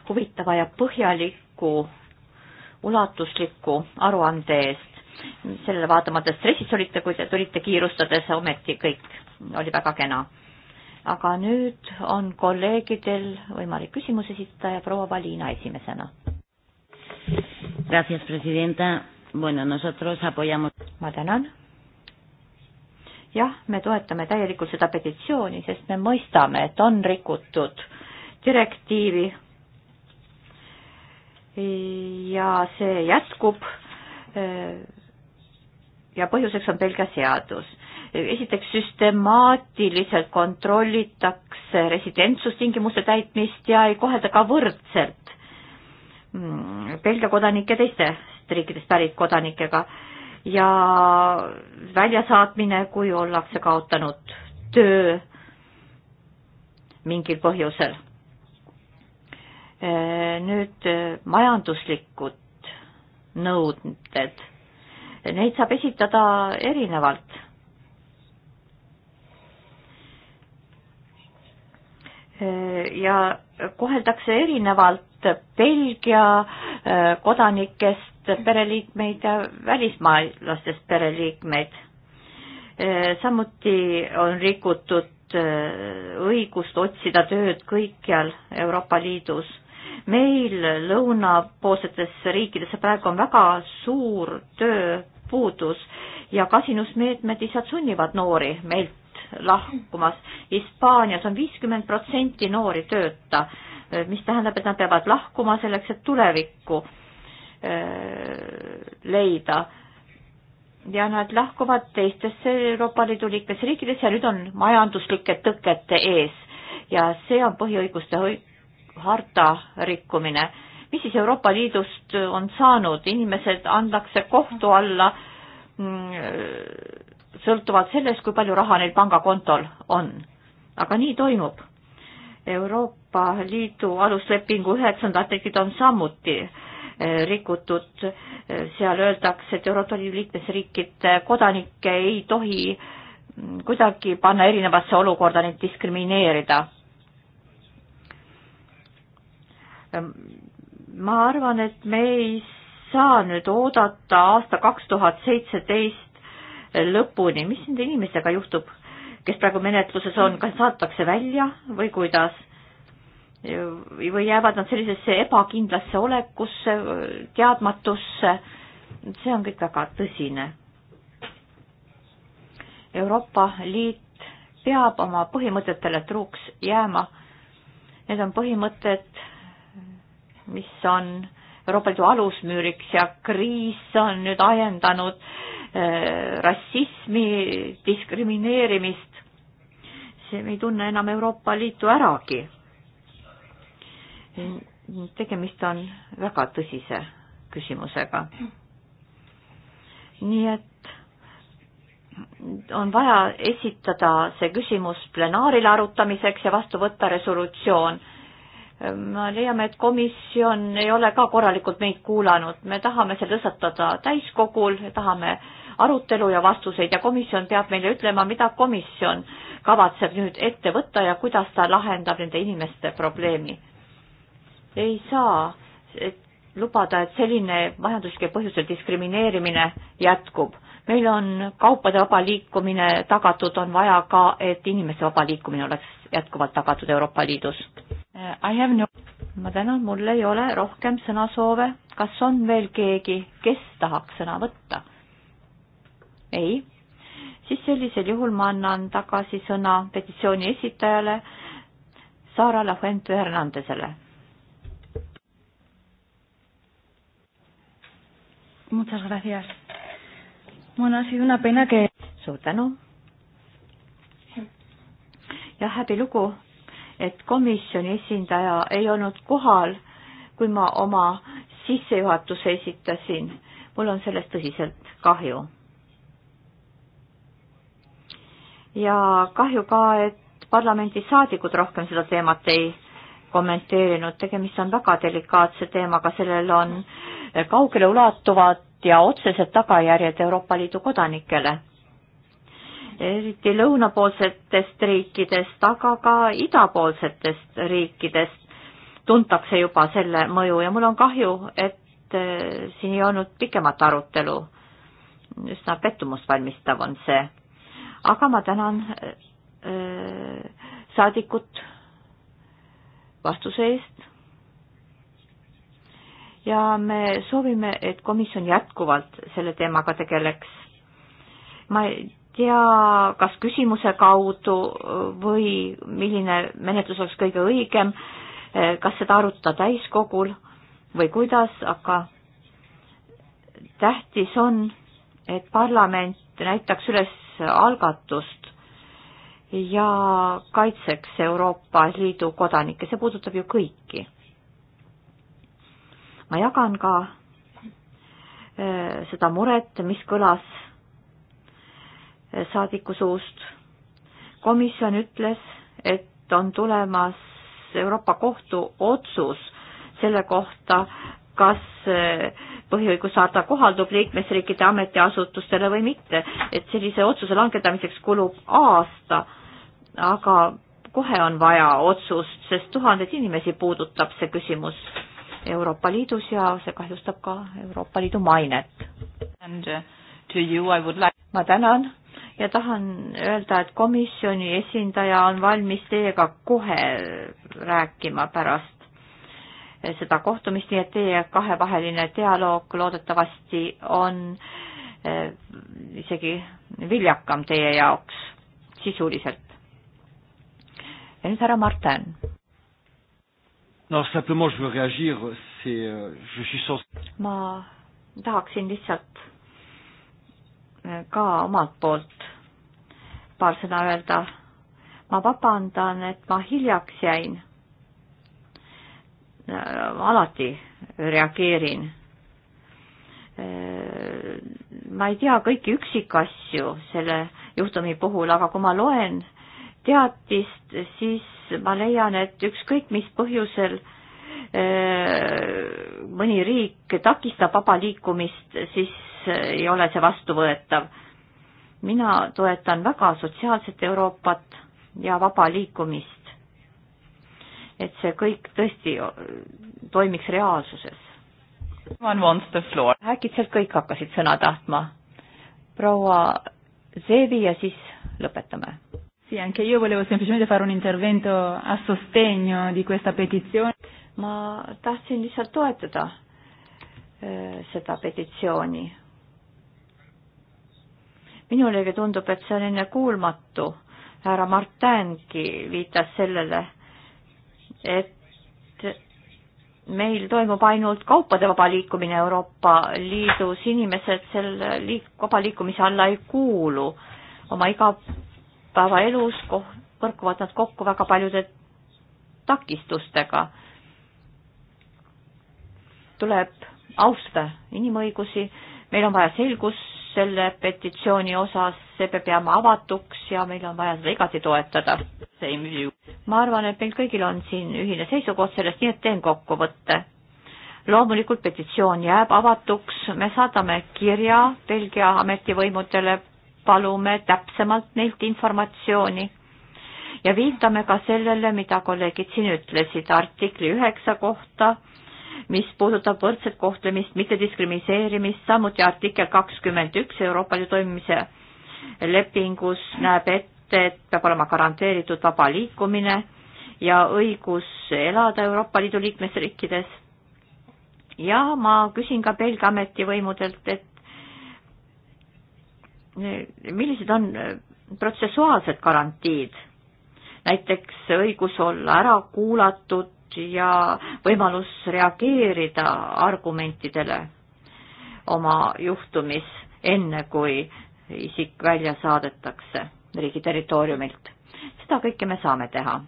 huvitava ja põhjaliku ulatusliku aruande eest. sellele vaatamata stressis olite, kui te tulite kiirustades, ometi kõik oli väga kena. aga nüüd on kolleegidel võimalik küsimus esitada ja proua Valina esimesena. Gracias, presidenta. Bueno, nosotros apoyamos. ma tänan. jah, me toetame täielikult seda petitsiooni, sest me mõistame, et on rikutud direktiivi ja see jätkub ja põhjuseks on pelge seadus. esiteks süstemaatiliselt kontrollitakse residentsustingimuste täitmist ja ei kohelda ka võrdselt mm, Belgia kodanikke teistest riikidest pärit kodanikega ja väljasaatmine, kui ollakse kaotanud töö mingil põhjusel Äh, nüüd äh, majanduslikud nõuded, neid saab esitada erinevalt. Äh, ja koheldakse erinevalt Belgia kodanikest pereliikmeid ja välismaalastest pereliikmeid. samuti on rikutud õigust otsida tööd kõikjal Euroopa Liidus meil lõunapoolsetes riikides praegu on väga suur tööpuudus ja kasinusmeetmed lihtsalt sunnivad noori meilt lahkumas. Hispaanias on viiskümmend protsenti noori tööta, mis tähendab, et nad peavad lahkuma selleks, et tulevikku leida ja nad lahkuvad teistesse Euroopa Liidu liikmesriikidesse ja nüüd on majanduslike tõkete ees ja see on põhiõiguste harta rikkumine. mis siis Euroopa Liidust on saanud, inimesed antakse kohtu alla mm, sõltuvalt sellest, kui palju raha neil pangakontol on. aga nii toimub. Euroopa Liidu aluslepingu üheksanda artiklit on samuti eh, rikutud, eh, seal öeldakse, et Euroopa Liidu liikmesriikide kodanikke ei tohi mm, kuidagi panna erinevasse olukorda, neid diskrimineerida. Ehm, ma arvan, et me ei saa nüüd oodata aasta kaks tuhat seitseteist lõpuni, mis nende inimestega juhtub, kes praegu menetluses on, kas saatakse välja või kuidas? või jäävad nad sellisesse ebakindlasse olekusse, teadmatusse, see on kõik väga tõsine. Euroopa Liit peab oma põhimõtetele truuks jääma. Need on põhimõtted, mis on Euroopa Liidu alusmüüriks ja kriis on nüüd ajendanud äh, rassismi, diskrimineerimist. see, me ei tunne enam Euroopa Liitu äragi. tegemist on väga tõsise küsimusega. nii et on vaja esitada see küsimus plenaarile arutamiseks ja vastu võtta resolutsioon me leiame, et komisjon ei ole ka korralikult meid kuulanud, me tahame selle tõstatada täiskogul, tahame arutelu ja vastuseid ja komisjon peab meile ütlema, mida komisjon kavatseb nüüd ette võtta ja kuidas ta lahendab nende inimeste probleemi. ei saa et lubada, et selline majanduslikel põhjusel diskrimineerimine jätkub. meil on kaupade vaba liikumine tagatud, on vaja ka, et inimeste vaba liikumine oleks jätkuvalt tagatud Euroopa Liidus No... ma tänan, mul ei ole rohkem sõnasoove. kas on veel keegi, kes tahaks sõna võtta? ei? siis sellisel juhul ma annan tagasi sõna petitsiooni esitajale Sara Lafuente Hernandesele. Muchas gracias. Bueno, ha sido una pena que... suur tänu. jah, häbilugu, et komisjoni esindaja ei olnud kohal, kui ma oma sissejuhatuse esitasin. mul on sellest tõsiselt kahju. ja kahju ka, et parlamendisaadikud rohkem seda teemat ei kommenteerinud, tegemist on väga delikaatse teemaga, sellel on kaugeleulatuvad ja otsesed tagajärjed Euroopa Liidu kodanikele eriti lõunapoolsetest riikidest, aga ka idapoolsetest riikidest tuntakse juba selle mõju ja mul on kahju, et eh, siin ei olnud pikemat arutelu. üsna pettumust valmistav on see. aga ma tänan äh, saadikut vastuse eest ja me soovime, et komisjon jätkuvalt selle teemaga tegeleks. ma ei tea, kas küsimuse kaudu või milline menetlus oleks kõige õigem, kas seda arutada täiskogul või kuidas, aga tähtis on, et parlament näitaks üles algatust ja kaitseks Euroopa Liidu kodanikke, see puudutab ju kõiki. ma jagan ka äh, seda muret, mis kõlas saadiku suust. komisjon ütles, et on tulemas Euroopa Kohtu otsus selle kohta, kas eh, põhiõiguse harta kohaldub liikmesriikide ametiasutustele või mitte, et sellise otsuse langetamiseks kulub aasta, aga kohe on vaja otsust, sest tuhandeid inimesi puudutab see küsimus Euroopa Liidus ja see kahjustab ka Euroopa Liidu mainet. Uh, like... ma tänan ja tahan öelda, et komisjoni esindaja on valmis teiega kohe rääkima pärast seda kohtumist, nii et teie kahevaheline dialoog loodetavasti on e, isegi viljakam teie jaoks sisuliselt. ja nüüd härra Marten. No, simplement je veux réagir, c'est, euh, je suis sens-. ma tahaksin lihtsalt ka omalt poolt paar sõna öelda. ma vabandan, et ma hiljaks jäin. Äh, alati reageerin. Äh, ma ei tea kõiki üksikasju selle juhtumi puhul, aga kui ma loen teatist, siis ma leian, et ükskõik mis põhjusel äh, mõni riik takistab vaba liikumist, siis ei ole see vastuvõetav. mina toetan väga sotsiaalset Euroopat ja vaba liikumist. et see kõik tõesti toimiks reaalsuses. äkitselt kõik hakkasid sõna tahtma. proua Zevi ja siis lõpetame. Sì, anche io volevo semplicemente fare un intervento a sostegno di questa petizione. Ma tahtsin lihtsalt toetada eh, seda petitsiooni minulegi tundub, et see on enne kuulmatu. härra Martingi viitas sellele, et meil toimub ainult kaupade vaba liikumine Euroopa Liidus, inimesed selle liik-, vaba liikumise alla ei kuulu. oma igapäevaelus koh-, põrkuvad nad kokku väga paljude takistustega. tuleb austada inimõigusi, meil on vaja selgus selle petitsiooni osas, see peab jääma avatuks ja meil on vaja seda igati toetada. ma arvan, et meil kõigil on siin ühine seisukoht sellest, nii et teen kokkuvõtte. loomulikult petitsioon jääb avatuks, me saadame kirja Belgia ametivõimudele, palume täpsemalt neilt informatsiooni ja viitame ka sellele, mida kolleegid siin ütlesid artikli üheksa kohta mis puudutab võrdset kohtlemist, mittediskrimiseerimist, samuti artikkel kakskümmend üks Euroopa Liidu toimimise lepingus näeb ette, et peab olema garanteeritud vaba liikumine ja õigus elada Euroopa Liidu liikmesriikides. ja ma küsin ka Belgia ametivõimudelt, et millised on protsessuaalsed garantiid, näiteks õigus olla ära kuulatud, ja võimalus reageerida argumentidele oma juhtumis, enne kui isik välja saadetakse riigi territooriumilt. seda kõike me saame teha.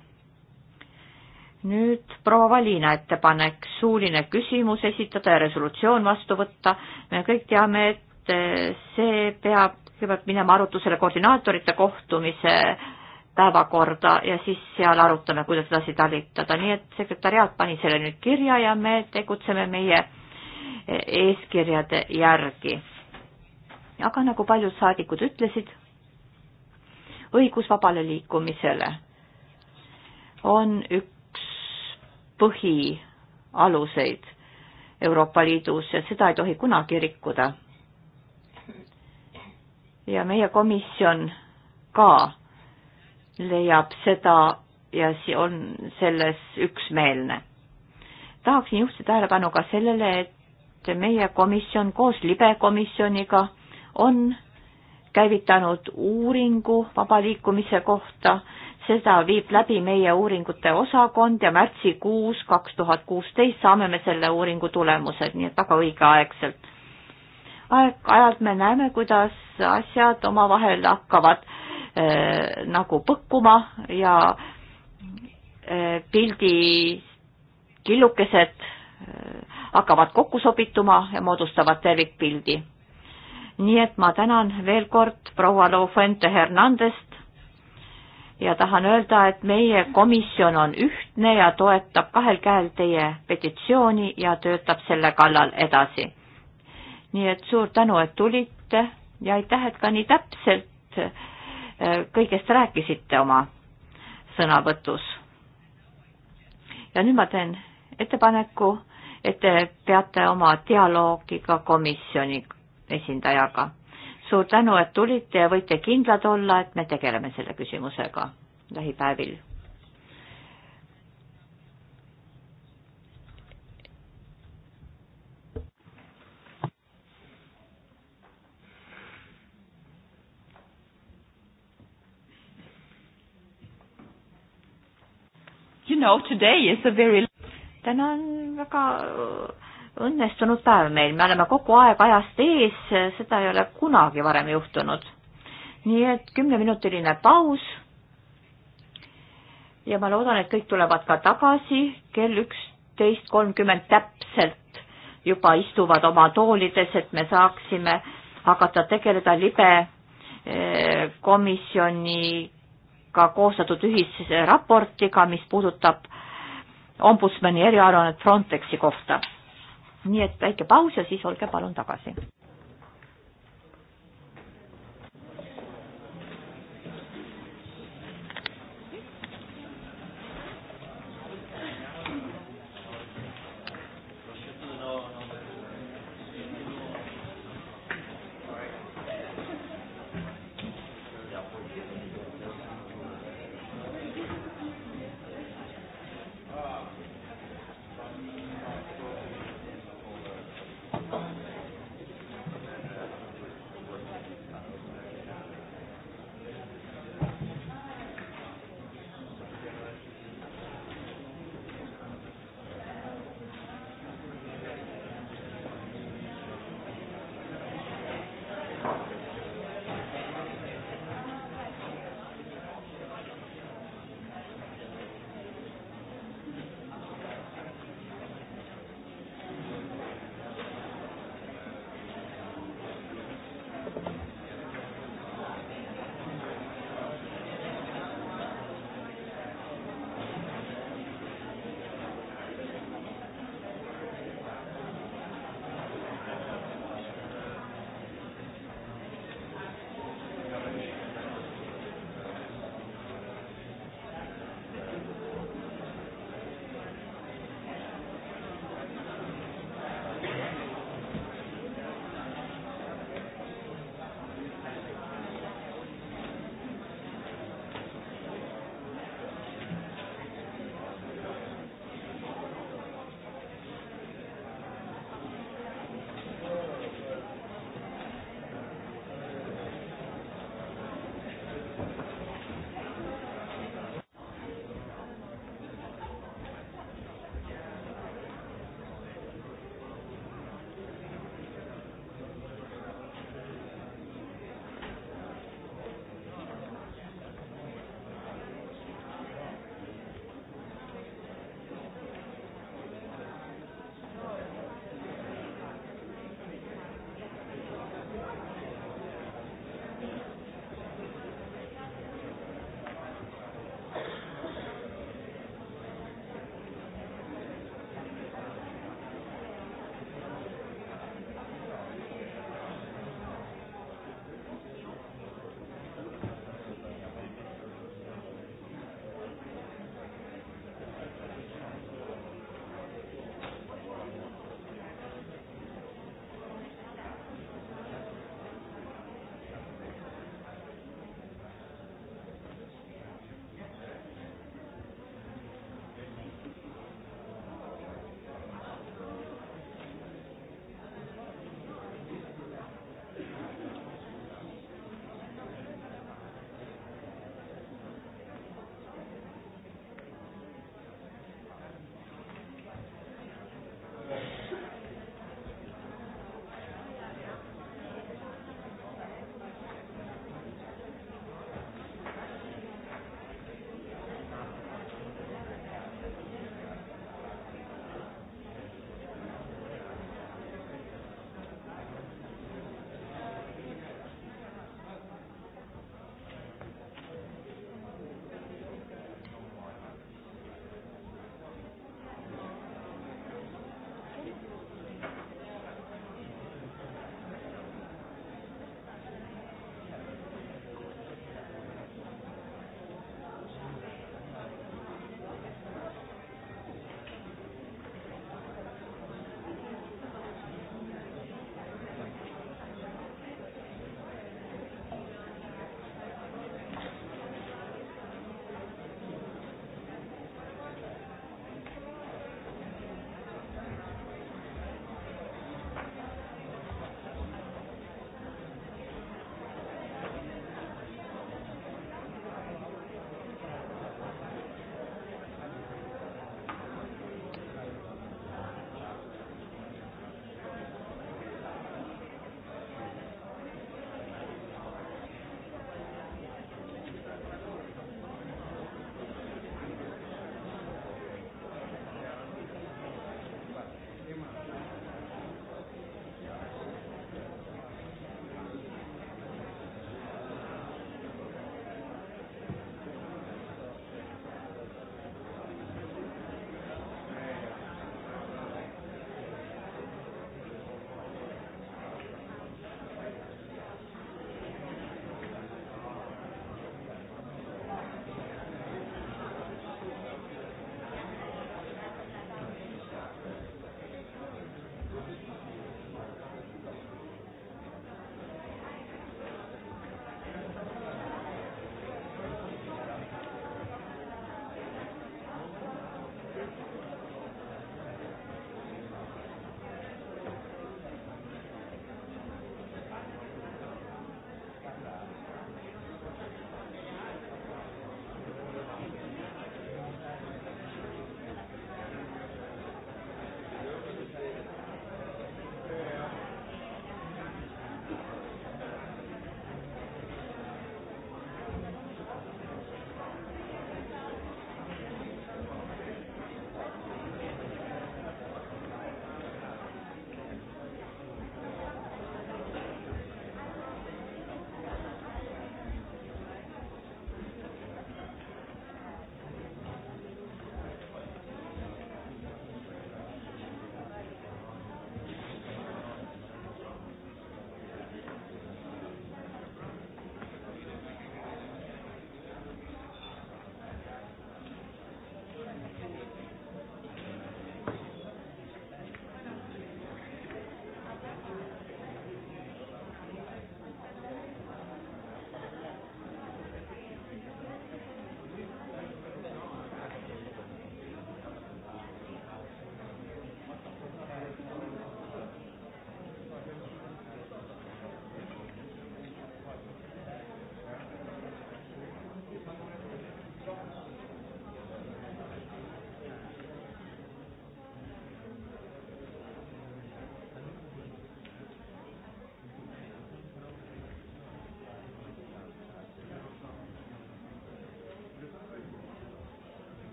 nüüd proua Valina ettepanek, suuline küsimus esitada ja resolutsioon vastu võtta. me kõik teame, et see peab kõigepealt minema arutlusele koordinaatorite kohtumise päevakorda ja siis seal arutame, kuidas edasi talitada, nii et sekretäriaat pani selle nüüd kirja ja me tegutseme meie eeskirjade järgi. aga nagu paljud saadikud ütlesid, õigus vabale liikumisele on üks põhialuseid Euroopa Liidus ja seda ei tohi kunagi rikkuda. ja meie komisjon ka leiab seda ja see on selles üksmeelne. tahaksin juhtida tähelepanu ka sellele, et meie komisjon koos libe komisjoniga on käivitanud uuringu vaba liikumise kohta, seda viib läbi meie uuringute osakond ja märtsikuus kaks tuhat kuusteist saame me selle uuringu tulemused, nii et väga õigeaegselt. aeg-ajalt me näeme, kuidas asjad omavahel hakkavad äh, Äh, nagu põkkuma ja äh, pildi killukesed äh, hakkavad kokku sobituma ja moodustavad tervikpildi. nii et ma tänan veel kord proua Lofuente Hernandest ja tahan öelda, et meie komisjon on ühtne ja toetab kahel käel teie petitsiooni ja töötab selle kallal edasi. nii et suur tänu, et tulite ja aitäh, et ka nii täpselt kõigest rääkisite oma sõnavõtus. ja nüüd ma teen ettepaneku, et te peate oma dialoogiga komisjoni esindajaga. suur tänu, et tulite ja võite kindlad olla, et me tegeleme selle küsimusega lähipäevil you know, today is a very täna on väga äh, õnnestunud päev meil, me oleme kogu aeg ajast ees, seda ei ole kunagi varem juhtunud. nii et kümneminutiline paus. ja ma loodan, et kõik tulevad ka tagasi kell üksteist kolmkümmend täpselt juba istuvad oma toolides, et me saaksime hakata tegeleda libe äh, komisjoni ka koostatud ühisraportiga, mis puudutab ombudsmani eriaruannet Frontexi kohta. nii et väike paus ja siis olge palun tagasi.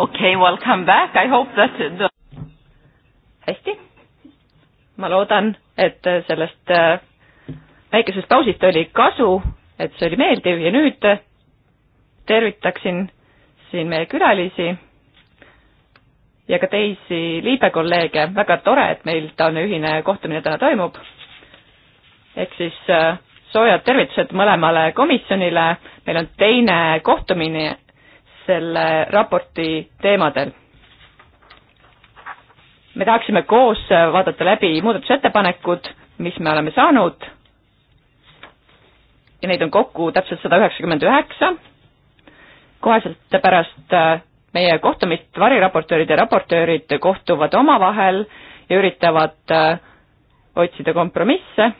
okei okay,, welcome back, I hope that the... hästi, ma loodan, et sellest äh, väikesest pausist oli kasu, et see oli meeldiv ja nüüd tervitaksin siin meie külalisi ja ka teisi liibekolleege, väga tore, et meil taoline ühine kohtumine täna toimub. ehk siis äh, soojad tervitused mõlemale komisjonile, meil on teine kohtumine selle raporti teemadel. me tahaksime koos vaadata läbi muudatusettepanekud, mis me oleme saanud ja neid on kokku täpselt sada üheksakümmend üheksa, koheselt pärast äh, meie kohtumist variraportöörid ja raportöörid kohtuvad omavahel ja üritavad äh, otsida kompromisse,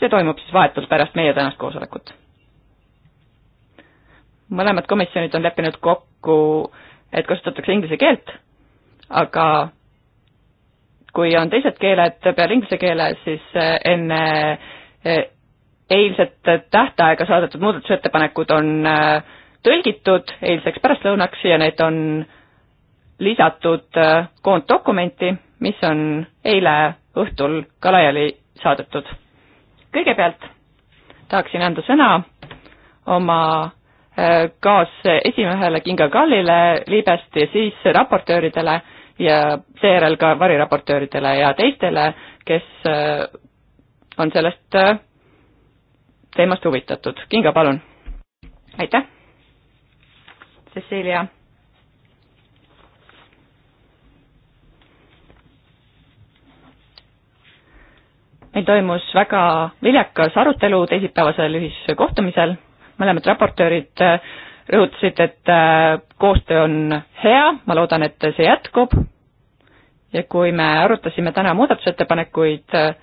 see toimub siis vahetult pärast meie tänast koosolekut mõlemad komisjonid on leppinud kokku, et kasutatakse inglise keelt, aga kui on teised keeled peale inglise keele, siis eh, enne eh, eilset tähtaega saadetud muudatusettepanekud on eh, tõlgitud eilseks pärastlõunaks ja need on lisatud koonddokumenti, mis on eile õhtul ka laiali saadetud. kõigepealt tahaksin anda sõna oma Äh, kaasesimehele Kinga Kallile Liibest ja siis raportööridele ja seejärel ka variraportööridele ja teistele, kes äh, on sellest äh, teemast huvitatud. Kinga, palun. aitäh. Cecilia. meil toimus väga viljakas arutelu teisipäevasel ühiskohtumisel mõlemad raportöörid äh, rõhutasid, et äh, koostöö on hea, ma loodan, et see jätkub ja kui me arutasime täna muudatusettepanekuid, äh,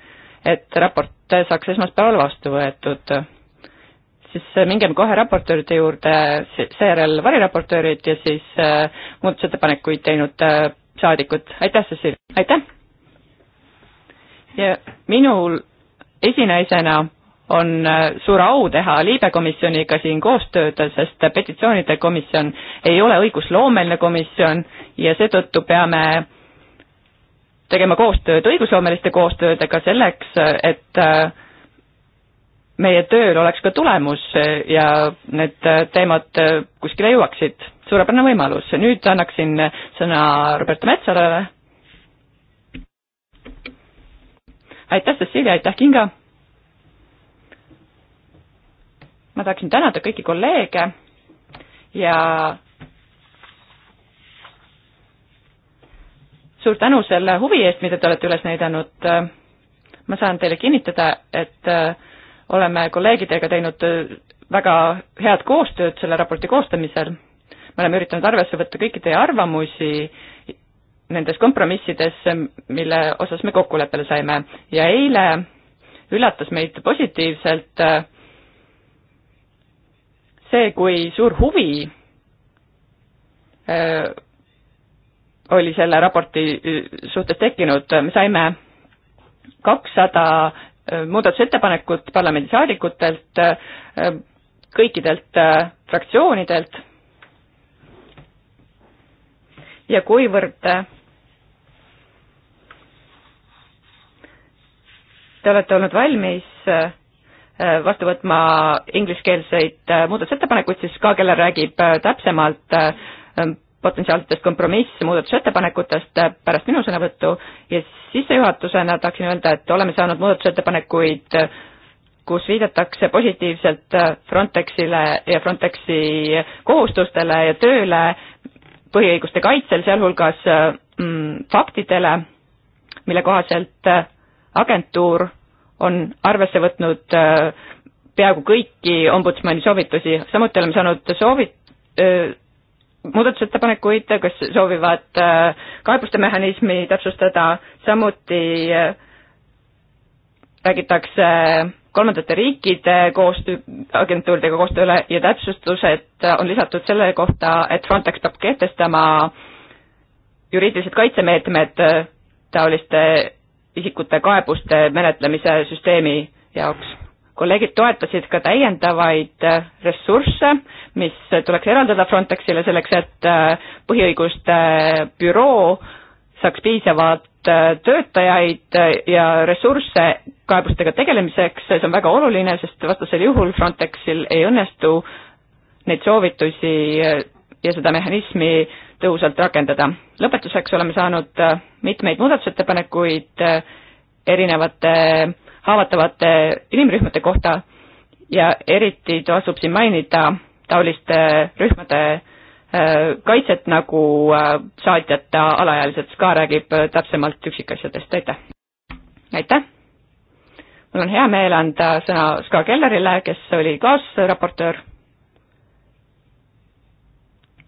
et raport saaks esmaspäeval vastu võetud, siis mingem kohe raportööride juurde, seejärel variraportöörid ja siis muudatusettepanekuid teinud saadikud, aitäh, Cecil, aitäh! ja minul esinaisena on äh, suur au teha liibekomisjoniga siin koostööd, sest petitsioonide komisjon ei ole õigusloomeline komisjon ja seetõttu peame tegema koostööd õigusloomeliste koostöödega selleks, et äh, meie tööl oleks ka tulemus ja need äh, teemad kuskile jõuaksid. suurepärane võimalus, nüüd annaksin sõna Roberta Metsalale. aitäh, Cecilia, aitäh, Kinga ma tahaksin tänada kõiki kolleege ja suur tänu selle huvi eest, mida te olete üles näidanud. ma saan teile kinnitada, et äh, oleme kolleegidega teinud äh, väga head koostööd selle raporti koostamisel. me oleme üritanud arvesse võtta kõiki teie arvamusi nendes kompromissides, mille osas me kokkuleppele saime ja eile üllatas meid positiivselt äh, see, kui suur huvi oli selle raporti suhtes tekkinud, me saime kakssada muudatusettepanekut parlamendisaadikutelt, kõikidelt fraktsioonidelt ja kuivõrd te olete olnud valmis Äh, vastu võtma ingliskeelseid äh, muudatusettepanekuid, siis ka, kellel räägib äh, täpsemalt potentsiaalsetest kompromissmuudatusettepanekutest pärast minu sõnavõttu ja sissejuhatusena tahaksin öelda, et oleme saanud muudatusettepanekuid, kus viidatakse positiivselt Frontexile ja Frontexi kohustustele ja tööle põhiõiguste kaitsel, sealhulgas mm, faktidele, mille kohaselt agentuur on arvesse võtnud äh, peaaegu kõiki ombudsmani soovitusi, samuti oleme saanud soovi-, äh, muudatusettepanekuid, kes soovivad äh, kaebuste mehhanismi täpsustada, samuti räägitakse kolmandate riikide koostöö, agentuuridega koostööle ja täpsustused on lisatud selle kohta, et Frontex peab kehtestama juriidilised kaitsemeetmed taoliste isikute kaebuste menetlemise süsteemi jaoks. kolleegid toetasid ka täiendavaid ressursse, mis tuleks eraldada Frontexile selleks, et äh, põhiõiguste äh, büroo saaks piisavalt äh, töötajaid ja ressursse kaebustega tegelemiseks, see on väga oluline, sest vastasel juhul Frontexil ei õnnestu neid soovitusi ja seda mehhanismi tõhusalt rakendada. lõpetuseks oleme saanud äh, mitmeid muudatusettepanekuid äh, erinevate äh, haavatavate inimrühmade kohta ja eriti tasub siin mainida taoliste rühmade kaitset, nagu saatjata alaealised, SKA räägib täpsemalt üksikasjadest, aitäh! aitäh! mul on hea meel anda sõna SKA Kellerile, kes oli kaasraportöör.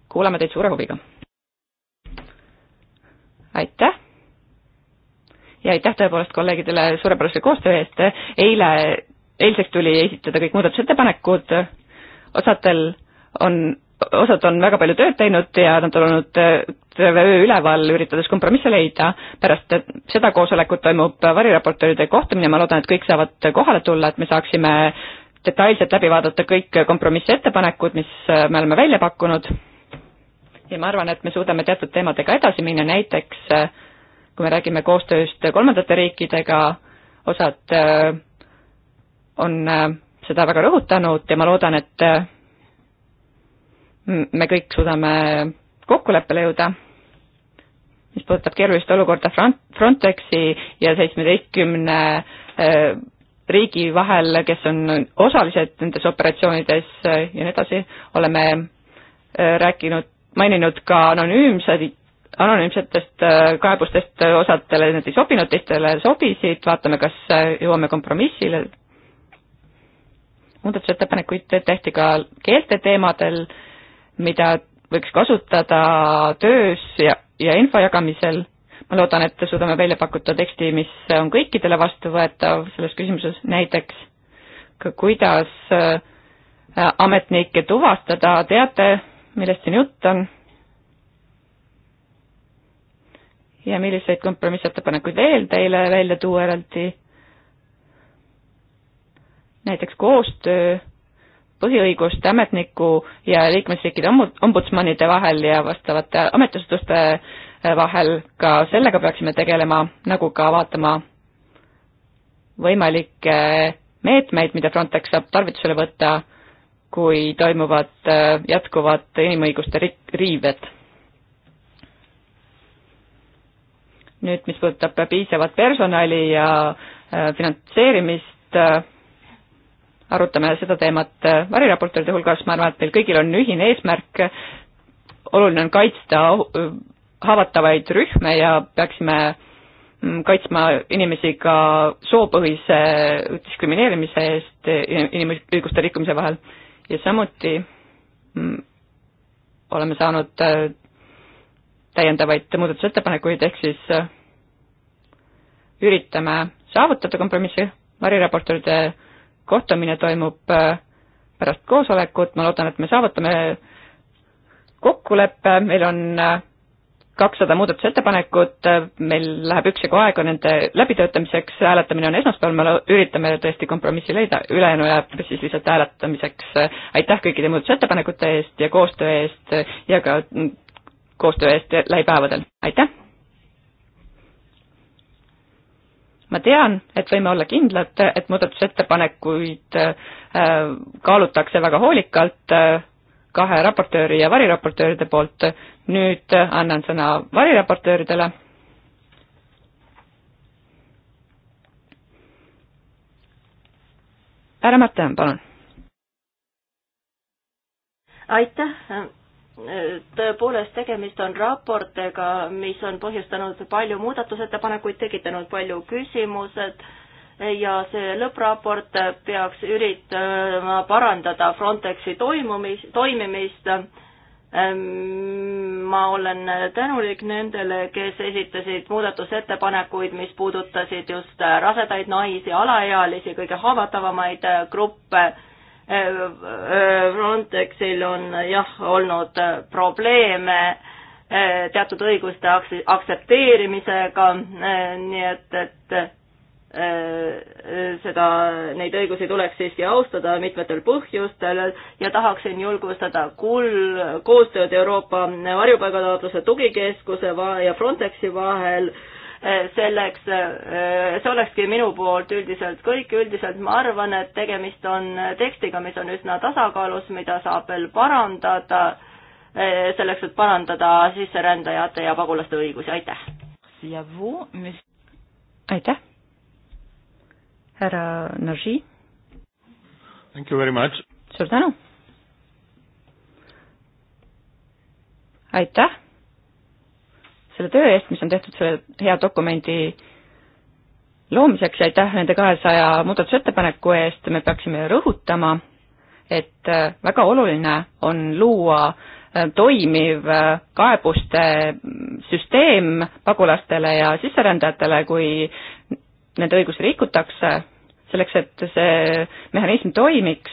kuulame teid suure huviga aitäh! ja aitäh tõepoolest kolleegidele suurepärase koostöö eest, eile, eilseks tuli esitada kõik muudatusettepanekud, osadel on, osad on väga palju tööd teinud ja nad on olnud terve öö üleval, üritades kompromisse leida, pärast seda koosolekut toimub variraportööride kohtumine, ma loodan, et kõik saavad kohale tulla, et me saaksime detailselt läbi vaadata kõik kompromissettepanekud, mis me oleme välja pakkunud ja ma arvan, et me suudame teatud teemadega edasi minna, näiteks äh, kui me räägime koostööst kolmandate riikidega, osad äh, on äh, seda väga rõhutanud ja ma loodan, et me kõik suudame kokkuleppele jõuda, mis puudutab keerulist olukorda Front-, Frontexi ja seitsmeteistkümne riigi vahel, kes on osalised nendes operatsioonides ja nii edasi, oleme rääkinud maininud ka anonüümsed, anonüümsetest äh, kaebustest osadele need ei sobinud, teistele sobisid, vaatame, kas äh, jõuame kompromissile. muudatusettepanekuid tehti ka keelte teemadel, mida võiks kasutada töös ja, ja info jagamisel. ma loodan, et suudame välja pakkuda teksti, mis on kõikidele vastuvõetav selles küsimuses, näiteks ka kuidas äh, ametnikke tuvastada, teate, millest siin jutt on ja milliseid kompromissettepanekuid veel teile välja tuua eraldi, näiteks koostöö põhiõiguste ametniku ja liikmesriikide ombudsmanide vahel ja vastavate ametiasutuste eh, vahel, ka sellega peaksime tegelema, nagu ka vaatama võimalikke meetmeid, mida Frontex saab tarvitusele võtta kui toimuvad äh, jätkuvad inimõiguste riived. nüüd, mis puudutab piisavat personali ja äh, finantseerimist, äh, arutame seda teemat variraportorite hulgas, ma arvan, et meil kõigil on ühine eesmärk, oluline on kaitsta haavatavaid rühme ja peaksime mm, kaitsma inimesi ka soopõhise diskrimineerimise eest inimõiguste rikkumise vahel ja samuti mm, oleme saanud äh, täiendavaid muudatusettepanekuid, ehk siis äh, üritame saavutada kompromissi, variraportorite kohtumine toimub äh, pärast koosolekut, ma loodan, et me saavutame kokkuleppe, meil on kakssada muudatusettepanekut, meil läheb üksjagu aega nende läbitöötamiseks, hääletamine on esmaspäeval, me üritame tõesti kompromissi leida, ülejäänu jääb siis lihtsalt hääletamiseks. aitäh kõikide muudatusettepanekute eest ja koostöö eest ja ka koostöö eest lähipäevadel, aitäh! ma tean, et võime olla kindlad, et muudatusettepanekuid äh, kaalutakse väga hoolikalt äh, kahe raportööri ja variraportööride poolt nüüd äh, annan sõna variraportööridele. härra Märten, palun. aitäh tõepoolest tegemist on raportega, mis on põhjustanud palju muudatusettepanekuid, tekitanud palju küsimused ja see lõppraport peaks üritama parandada Frontexi toimumist, toimimist Ehm, ma olen tänulik nendele, kes esitasid muudatusettepanekuid, mis puudutasid just äh, rasedaid naisi, alaealisi, kõige haavatavamaid äh, gruppe. Ehm, äh, Frontexil on jah olnud probleeme teatud õiguste aktsepteerimisega, nii et, et Äh, äh, seda, neid õigusi tuleks siiski austada mitmetel põhjustel ja tahaksin julgustada kuul-, koostööd Euroopa varjupaigataotluse tugikeskuse ja Frontexi vahel, äh, selleks, see olekski minu poolt üldiselt kõik, üldiselt ma arvan, et tegemist on tekstiga, mis on üsna tasakaalus, mida saab veel parandada, selleks, et parandada sisserändajate ja pagulaste õigusi, aitäh! aitäh! härra Noži. Thank you very much. suur tänu. aitäh selle töö eest, mis on tehtud selle hea dokumendi loomiseks ja aitäh nende kahesaja muudatusettepaneku eest, me peaksime rõhutama, et äh, väga oluline on luua äh, toimiv äh, kaebuste mm, süsteem pagulastele ja sisserändajatele, kui nende õigusi rikutakse, selleks, et see mehhanism toimiks,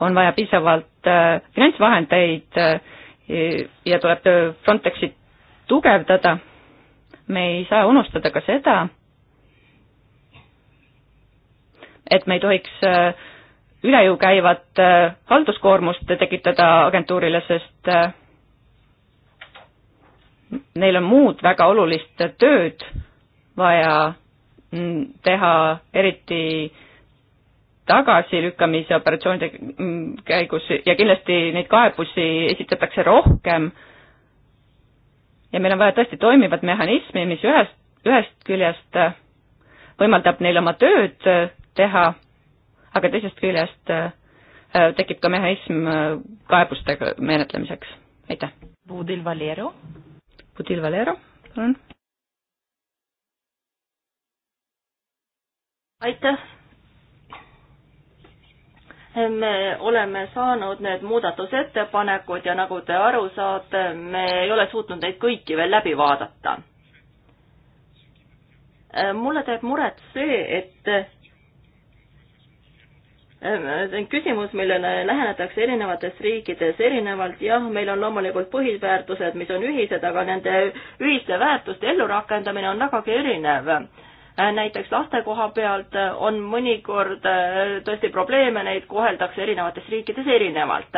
on vaja piisavalt äh, finantsvahendeid äh, ja tuleb Frontexi tugevdada. me ei saa unustada ka seda, et me ei tohiks äh, üle jõu käivat äh, halduskoormust tekitada agentuurile, sest äh, neil on muud väga olulist tööd vaja Mm, teha eriti tagasilükkamise operatsioonide mm, käigus ja kindlasti neid kaebusi esitatakse rohkem. ja meil on vaja tõesti toimivat mehhanismi, mis ühest, ühest küljest võimaldab neil oma tööd teha, aga teisest küljest äh, tekib ka mehhanism äh, kaebuste menetlemiseks. aitäh. Budil Valero. Budil Valero, palun. aitäh. me oleme saanud need muudatusettepanekud ja nagu te aru saate, me ei ole suutnud neid kõiki veel läbi vaadata. mulle teeb muret see, et see on küsimus, millele lähenetakse erinevates riikides erinevalt, jah, meil on loomulikult põhiväärtused, mis on ühised, aga nende ühiste väärtuste ellurakendamine on vägagi erinev. Äh, näiteks laste koha pealt äh, on mõnikord äh, tõesti probleeme, neid koheldakse erinevates riikides erinevalt.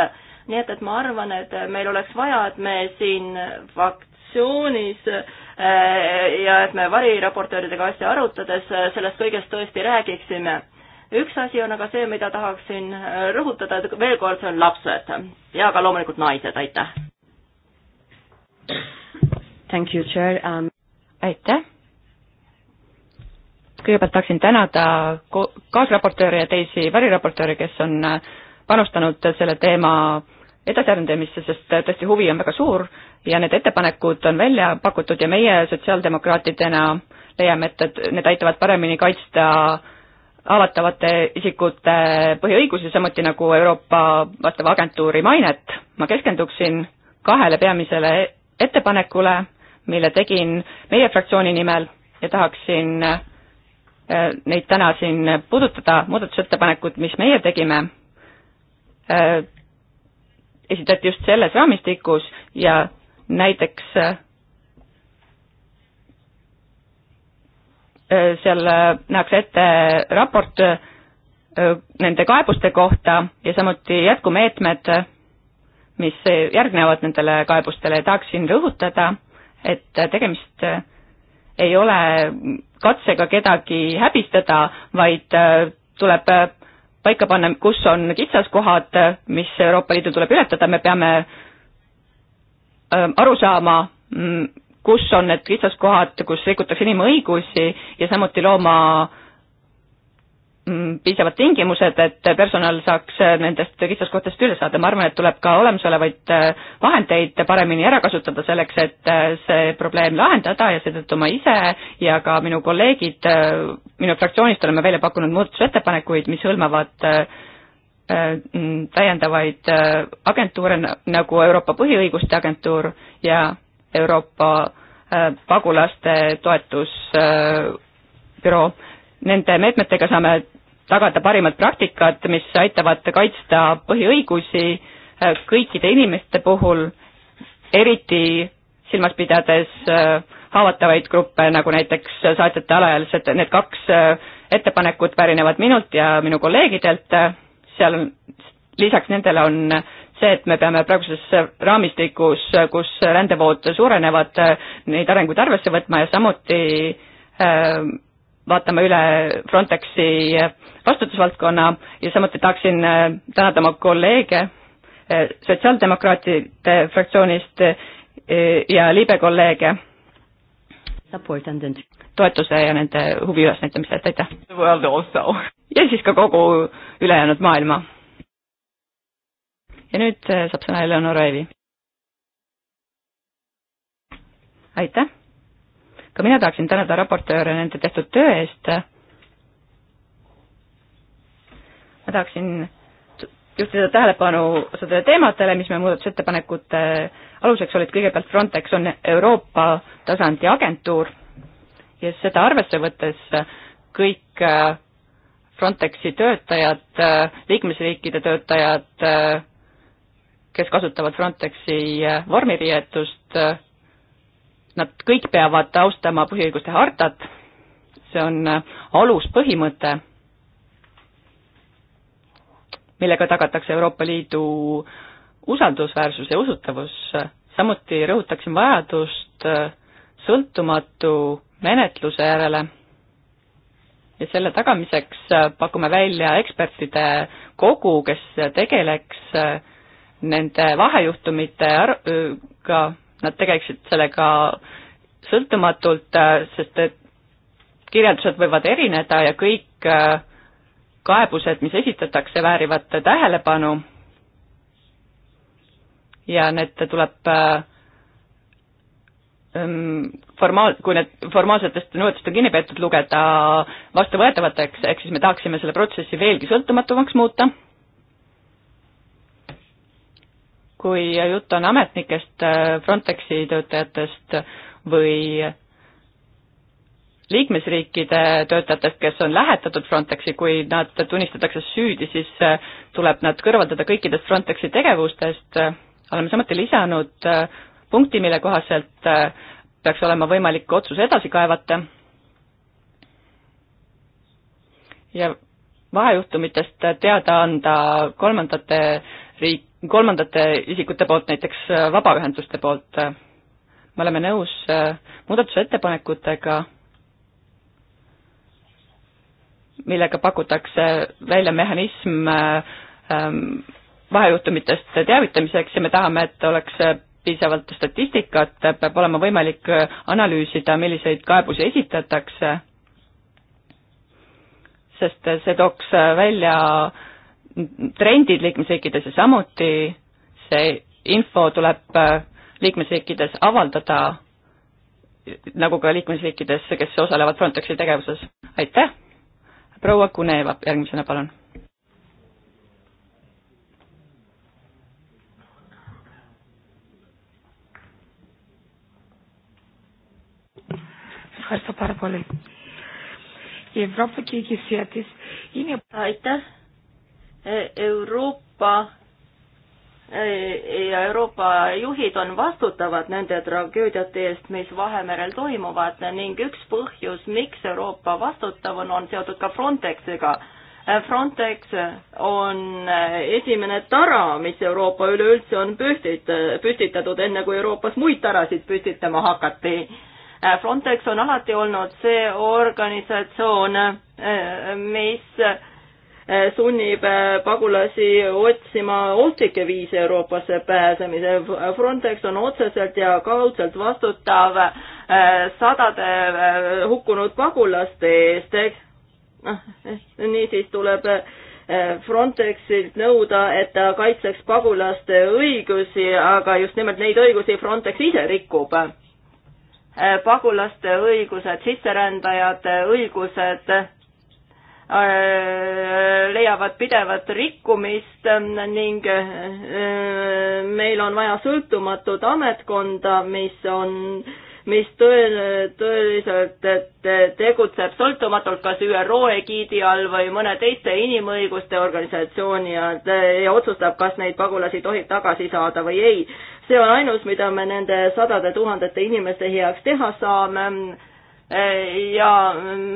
nii et, et ma arvan, et meil oleks vaja, et me siin fraktsioonis ja et me variraportööridega asja arutades sellest kõigest tõesti räägiksime üks asi on aga see, mida tahaksin rõhutada, et veel kord, see on lapsed ja ka loomulikult naised, aitäh! Thank you, chair um.... aitäh! kõigepealt tahaksin tänada kaasraportööre ja teisi variraportööre, kes on äh, panustanud selle teema edasiarendamisse, sest äh, tõesti huvi on väga suur ja need ettepanekud on välja pakutud ja meie sotsiaaldemokraatidena leiame, et, et need aitavad paremini kaitsta haavatavate isikute põhiõigusi, samuti nagu Euroopa vastava agentuuri mainet. ma keskenduksin kahele peamisele ettepanekule, mille tegin meie fraktsiooni nimel ja tahaksin neid täna siin puudutada, muudatusettepanekud, mis meie tegime, äh, esitati just selles raamistikus ja näiteks äh, seal nähakse ette raport äh, nende kaebuste kohta ja samuti jätkumeetmed, mis järgnevad nendele kaebustele ja tahaksin rõhutada, et tegemist ei ole katsega kedagi häbistada, vaid äh, tuleb äh, paika panna, kus on kitsaskohad, äh, mis Euroopa Liidul tuleb ületada, me peame ähm, aru saama, mm, kus on need kitsaskohad, kus rikutakse inimõigusi ja samuti looma Mm, piisavad tingimused, et personal saaks äh, nendest kitsaskohtadest üle saada, ma arvan, et tuleb ka olemasolevaid äh, vahendeid paremini ära kasutada selleks, et äh, see probleem lahendada ja seetõttu ma ise ja ka minu kolleegid minu fraktsioonist oleme välja pakkunud muudatusettepanekuid, mis hõlmavad mm, täiendavaid agentuure nagu Euroopa Põhiõiguste Agentuur ja Euroopa pagulaste toetusbüroo nende meetmetega saame tagada parimad praktikad, mis aitavad kaitsta põhiõigusi äh, kõikide inimeste puhul, eriti silmas pidades äh, haavatavaid gruppe, nagu näiteks saatjate alaealised, need kaks äh, ettepanekut pärinevad minult ja minu kolleegidelt, seal on, lisaks nendele on see, et me peame praeguses raamistikus, kus rändevood suurenevad, neid arenguid arvesse võtma ja samuti äh, vaatama üle Frontexi vastutusvaldkonna ja samuti tahaksin äh, tänada oma kolleege äh, sotsiaaldemokraatide fraktsioonist äh, ja liibe kolleege toetuse ja nende huvi ülesnäitamise eest, aitäh! ja siis ka kogu ülejäänud maailma. ja nüüd saab sõna Eleonora Eevi. aitäh! ka mina tahaksin tänada raportööre nende tehtud töö eest. ma tahaksin juhtida tähelepanu sadadele teemadele, mis meie muudatusettepanekute aluseks olid, kõigepealt Frontex on Euroopa tasandi agentuur ja seda arvesse võttes kõik äh, Frontexi töötajad, äh, liikmesriikide töötajad, äh, kes kasutavad Frontexi vormiriietust, nad kõik peavad austama põhiõiguste hartat, see on äh, aluspõhimõte, millega tagatakse Euroopa Liidu usaldusväärsus ja usutavus, samuti rõhutaksin vajadust äh, sõltumatu menetluse järele ja selle tagamiseks äh, pakume välja ekspertide kogu, kes tegeleks nende vahejuhtumitega, nad tegeleksid sellega sõltumatult, äh, sest et kirjeldused võivad erineda ja kõik äh, kaebused, mis esitatakse, väärivad tähelepanu ja need tuleb äh, ähm, formaal-, kui need formaalsetest nõuetest on kinni peetud, lugeda vastuvõetavateks, ehk siis me tahaksime selle protsessi veelgi sõltumatumaks muuta kui jutt on ametnikest, Frontexi töötajatest või liikmesriikide töötajatest, kes on lähetatud Frontexi, kui nad tunnistatakse süüdi, siis tuleb nad kõrvaldada kõikidest Frontexi tegevustest, oleme samuti lisanud punkti, mille kohaselt peaks olema võimalik otsus edasi kaevata ja vahejuhtumitest teada anda kolmandate riik, kolmandate isikute poolt, näiteks äh, vabaühenduste poolt. Äh, me oleme nõus äh, muudatusettepanekutega, millega pakutakse välja mehhanism ähm, vahejuhtumitest teavitamiseks ja me tahame, et oleks piisavalt statistikat, peab olema võimalik analüüsida, milliseid kaebusi esitatakse, sest see tooks välja äh, trendid liikmesriikides ja samuti see info tuleb äh, liikmesriikides avaldada, nagu ka liikmesriikides, kes osalevad Frontexi tegevuses. aitäh, proua Kuneva, järgmisena palun. Ευχαριστώ πάρα πολύ. Η Ευρώπη και η ηγεσία της είναι... Aitäh E, Euroopa e, ja Euroopa juhid on vastutavad nende tragöödiate eest, mis Vahemerel toimuvad ning üks põhjus, miks Euroopa vastutav on, on seotud ka Frontexiga. E, Frontex on esimene tara, mis Euroopa üleüldse on püstit-, püstitatud, enne kui Euroopas muid tarasid püstitama hakati. Frontex on alati olnud see organisatsioon, mis Eh, sunnib eh, pagulasi otsima ohtlikke viise Euroopasse pääsemise. Frontex on otseselt ja kaudselt vastutav eh, sadade hukkunud pagulaste eest. Ah, niisiis tuleb Frontexilt nõuda, et ta kaitseks pagulaste õigusi, aga just nimelt neid õigusi Frontex ise rikub. pagulaste õigused, sisserändajate õigused Äh, leiavad pidevat rikkumist äh, ning äh, meil on vaja sõltumatut ametkonda, mis on, mis tõel-, tõeliselt tegutseb sõltumatult kas ÜRO egiidi all või mõne teiste inimõiguste organisatsiooni all ja otsustab, kas neid pagulasi tohib tagasi saada või ei. see on ainus, mida me nende sadade tuhandete inimeste heaks teha saame ja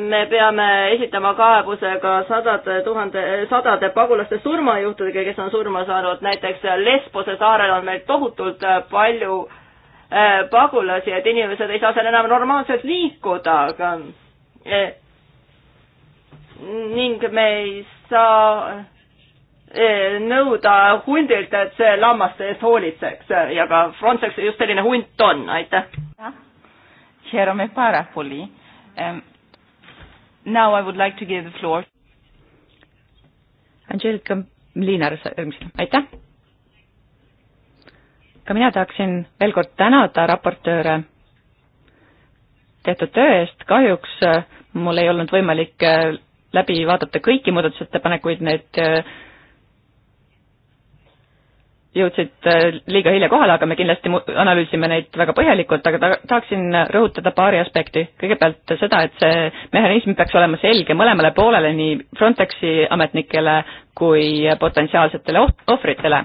me peame esitama kaebuse ka sadade tuhande, sadade pagulaste surmajuhtudega, kes on surma saanud, näiteks Lesbose saarel on meil tohutult palju eh, pagulasi, et inimesed ei saa seal enam normaalselt liikuda, aga eh, ning me ei saa eh, nõuda hundilt, et see lammaste eest hoolitseks ja ka Frontex just selline hunt on, aitäh. jah Χαίρομαι πάρα πολύ. Um, now I would like to give the floor. Angelika Liinar, äh, aitäh! ka mina tahaksin veel kord tänada raportööre tehtud töö eest, kahjuks äh, mul ei olnud võimalik äh, läbi vaadata kõiki muudatusettepanekuid, need jõudsid äh, liiga hilja kohale, aga me kindlasti analüüsime neid väga põhjalikult, aga ta, tahaksin rõhutada paari aspekti. kõigepealt seda, et see mehhanism peaks olema selge mõlemale poolele, nii Frontexi ametnikele kui potentsiaalsetele ohvritele.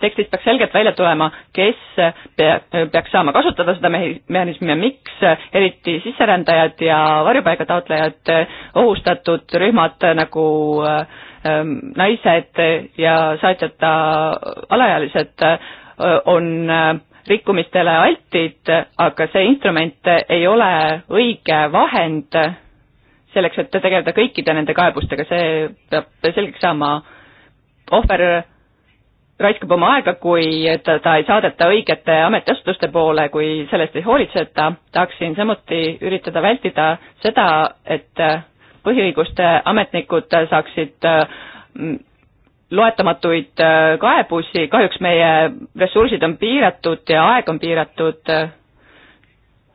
tekstist peaks selgelt välja tulema, kes pea, peaks saama kasutada seda mehi-, mehhanismi ja miks, eriti sisserändajad ja varjupaigataotlejad, ohustatud rühmad nagu äh, Ähm, naised ja saatjata alaealised äh, on äh, rikkumistele altid, aga see instrument ei ole õige vahend selleks, et tegeleda kõikide nende kaebustega, see peab selgeks saama. ohver raiskab oma aega, kui teda ei saadeta õigete ametiasutuste poole, kui sellest ei hoolitseta. tahaksin samuti üritada vältida seda, et põhiõiguste ametnikud saaksid äh, loetamatuid äh, kaebusi, kahjuks meie ressursid on piiratud ja aeg on piiratud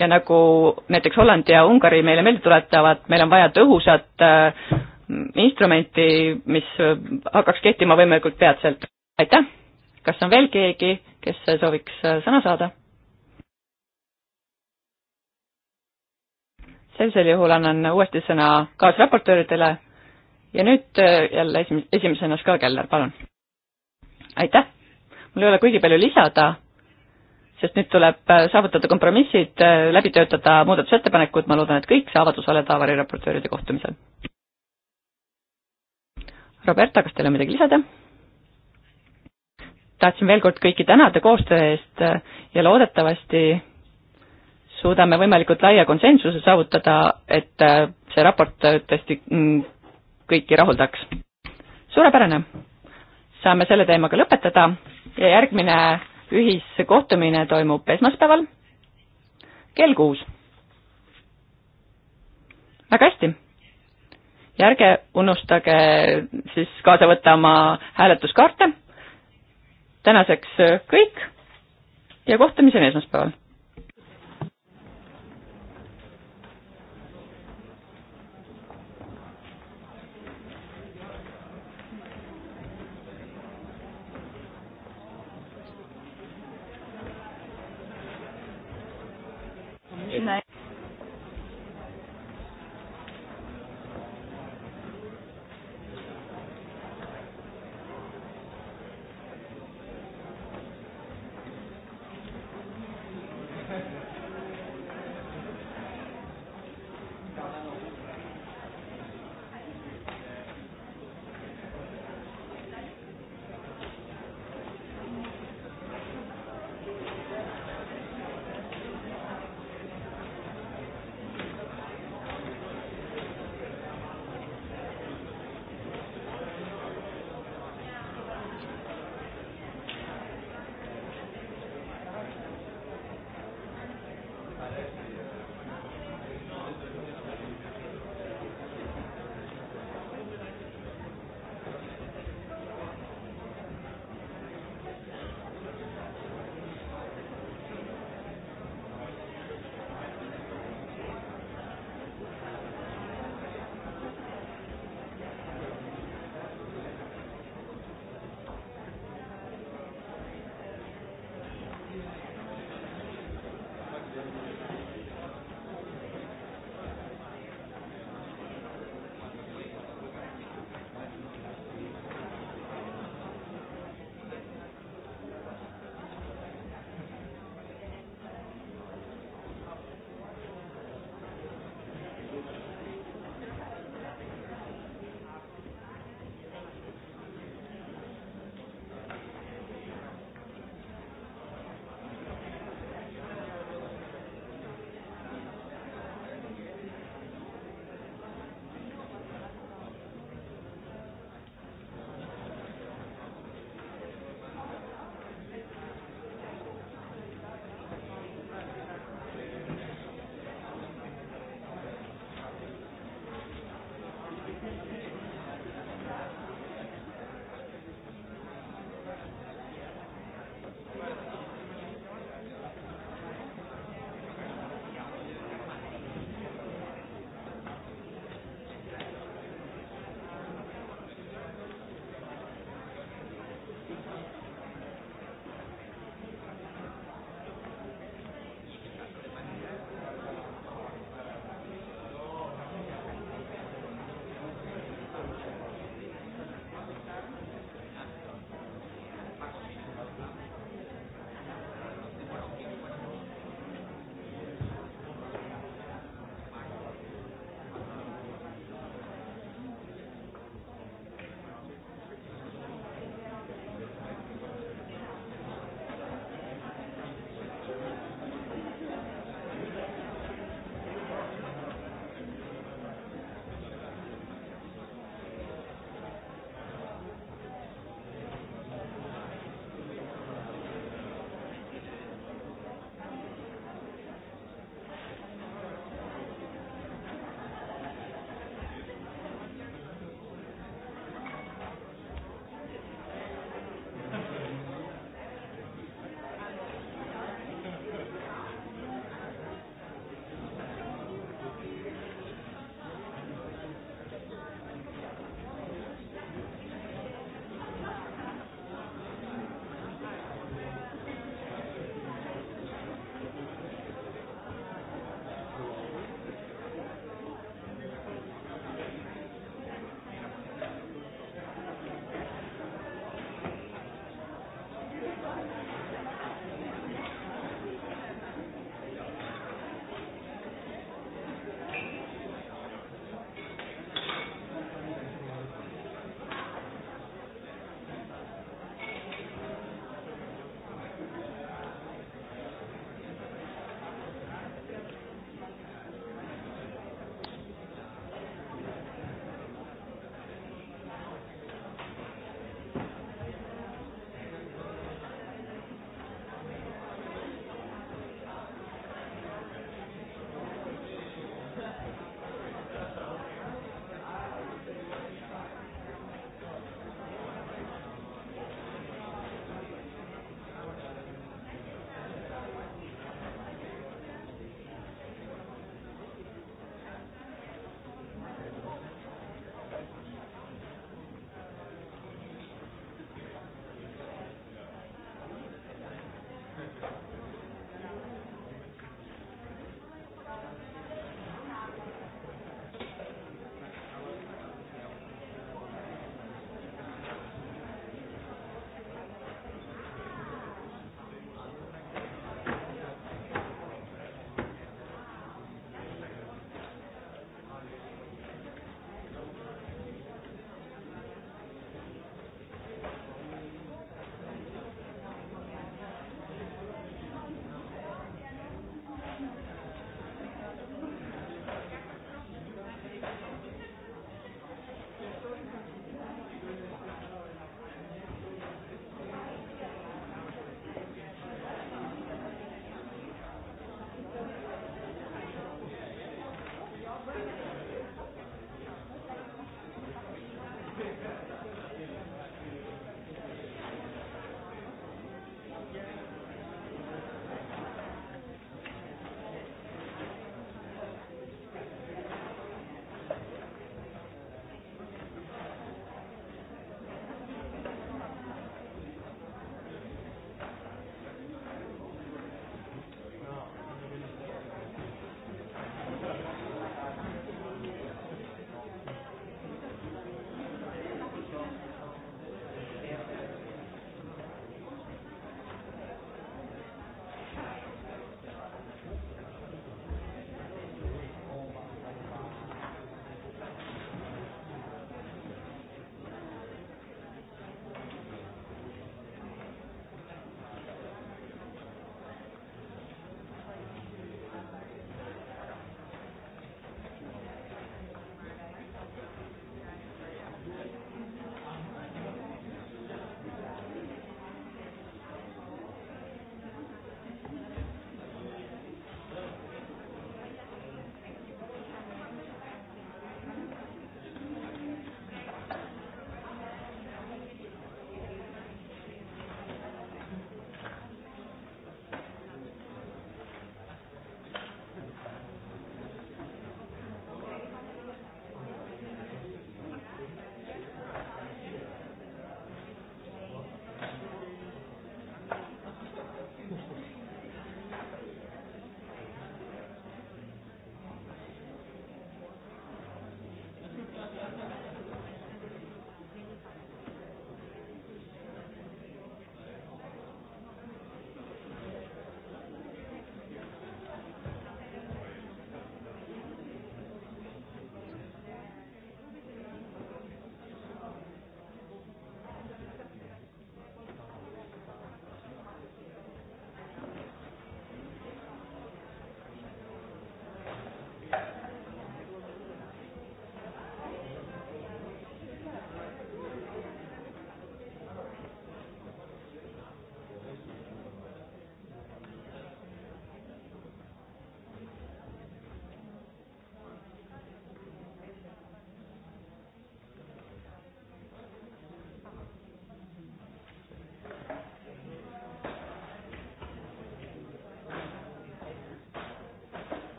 ja nagu näiteks Holland ja Ungari meile meelde tuletavad, meil on vaja tõhusat äh, instrumenti, mis hakkaks kehtima võimalikult peatselt. aitäh! kas on veel keegi, kes sooviks sõna saada? sellisel juhul annan uuesti sõna kaasraportööridele ja nüüd äh, jälle esim-, esimesena Ska Keller, palun. aitäh! mul ei ole kuigi palju lisada, sest nüüd tuleb äh, saavutada kompromissid, äh, läbi töötada muudatusettepanekud, ma loodan, et kõik saavad osaleda avariraportööride kohtumisel. Roberta, kas teil on midagi lisada? tahtsin veel kord kõiki tänada koostöö eest ja loodetavasti suudame võimalikult laia konsensuse saavutada, et äh, see raport äh, tõesti mm, kõiki rahuldaks. suurepärane, saame selle teemaga lõpetada ja järgmine ühiskohtumine toimub esmaspäeval kell kuus. väga hästi. ja ärge unustage siis kaasa võtta oma hääletuskaarte. tänaseks kõik ja kohtumiseni esmaspäeval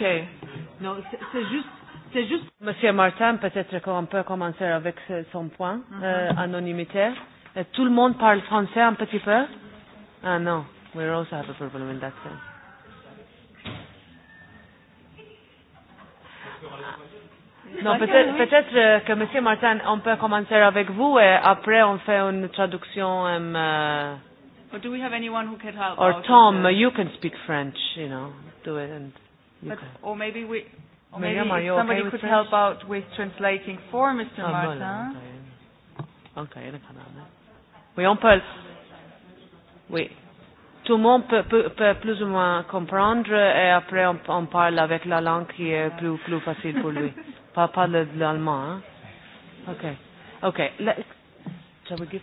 Ok. Non, c'est juste. C'est juste. Monsieur Martin, peut-être qu'on peut commencer avec son point, mm -hmm. euh, anonymité. Et euh, tout le monde parle français un petit peu Ah non, we also have a problem in that sense. Ah. Non, peut-être peut, -être, peut -être que Monsieur Martin, on peut commencer avec vous et après on fait une traduction. Um, euh, Or do we have anyone who can help? Or Tom, the... you can speak French, you know, do it and. But, or maybe we, or maybe Miriam, if somebody okay could help out with translating for Mr. Ah, Martin. Okay, elle est pas mal. Oui, on peut. Oui. Tout le monde peut, peut, peut plus ou moins comprendre et après on, on parle avec la langue qui est plus, plus facile pour lui. pas, pas l'allemand. Hein? Ok. Ok. Let's, shall we give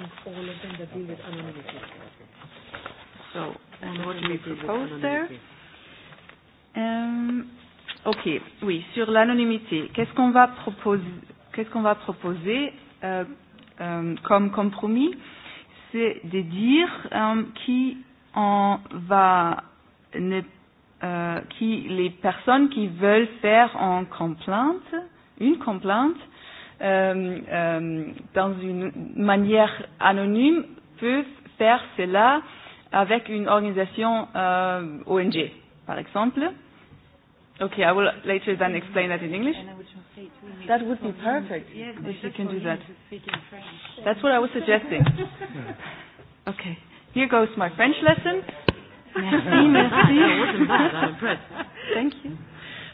of all of them that deal with anonymity. So, and what do we propose there? Um, ok, oui, sur l'anonymité, qu'est-ce qu'on va proposer, qu'est-ce qu'on va proposer euh, euh, comme compromis C'est de dire euh, qui on va ne, euh, qui les personnes qui veulent faire en complainte, une complainte, euh, euh, dans une manière anonyme peuvent faire cela avec une organisation euh, ONG, par exemple. Okay, I will later then explain that in English. That would be perfect yes, if you can do that. That's what I was suggesting. okay, here goes my French lesson. Merci, merci. That wasn't bad. I'm impressed. Thank you.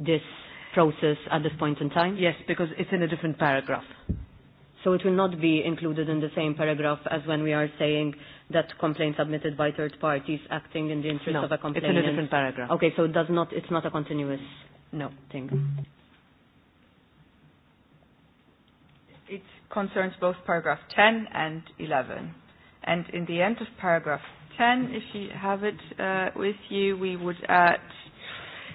this process at this point in time? Yes, because it's in a different paragraph. So it will not be included in the same paragraph as when we are saying that complaints submitted by third parties acting in the interest no, of a complainant. it's in a different paragraph. Okay, so it does not, it's not a continuous no thing. It concerns both paragraph 10 and 11. And in the end of paragraph 10, if you have it uh, with you, we would add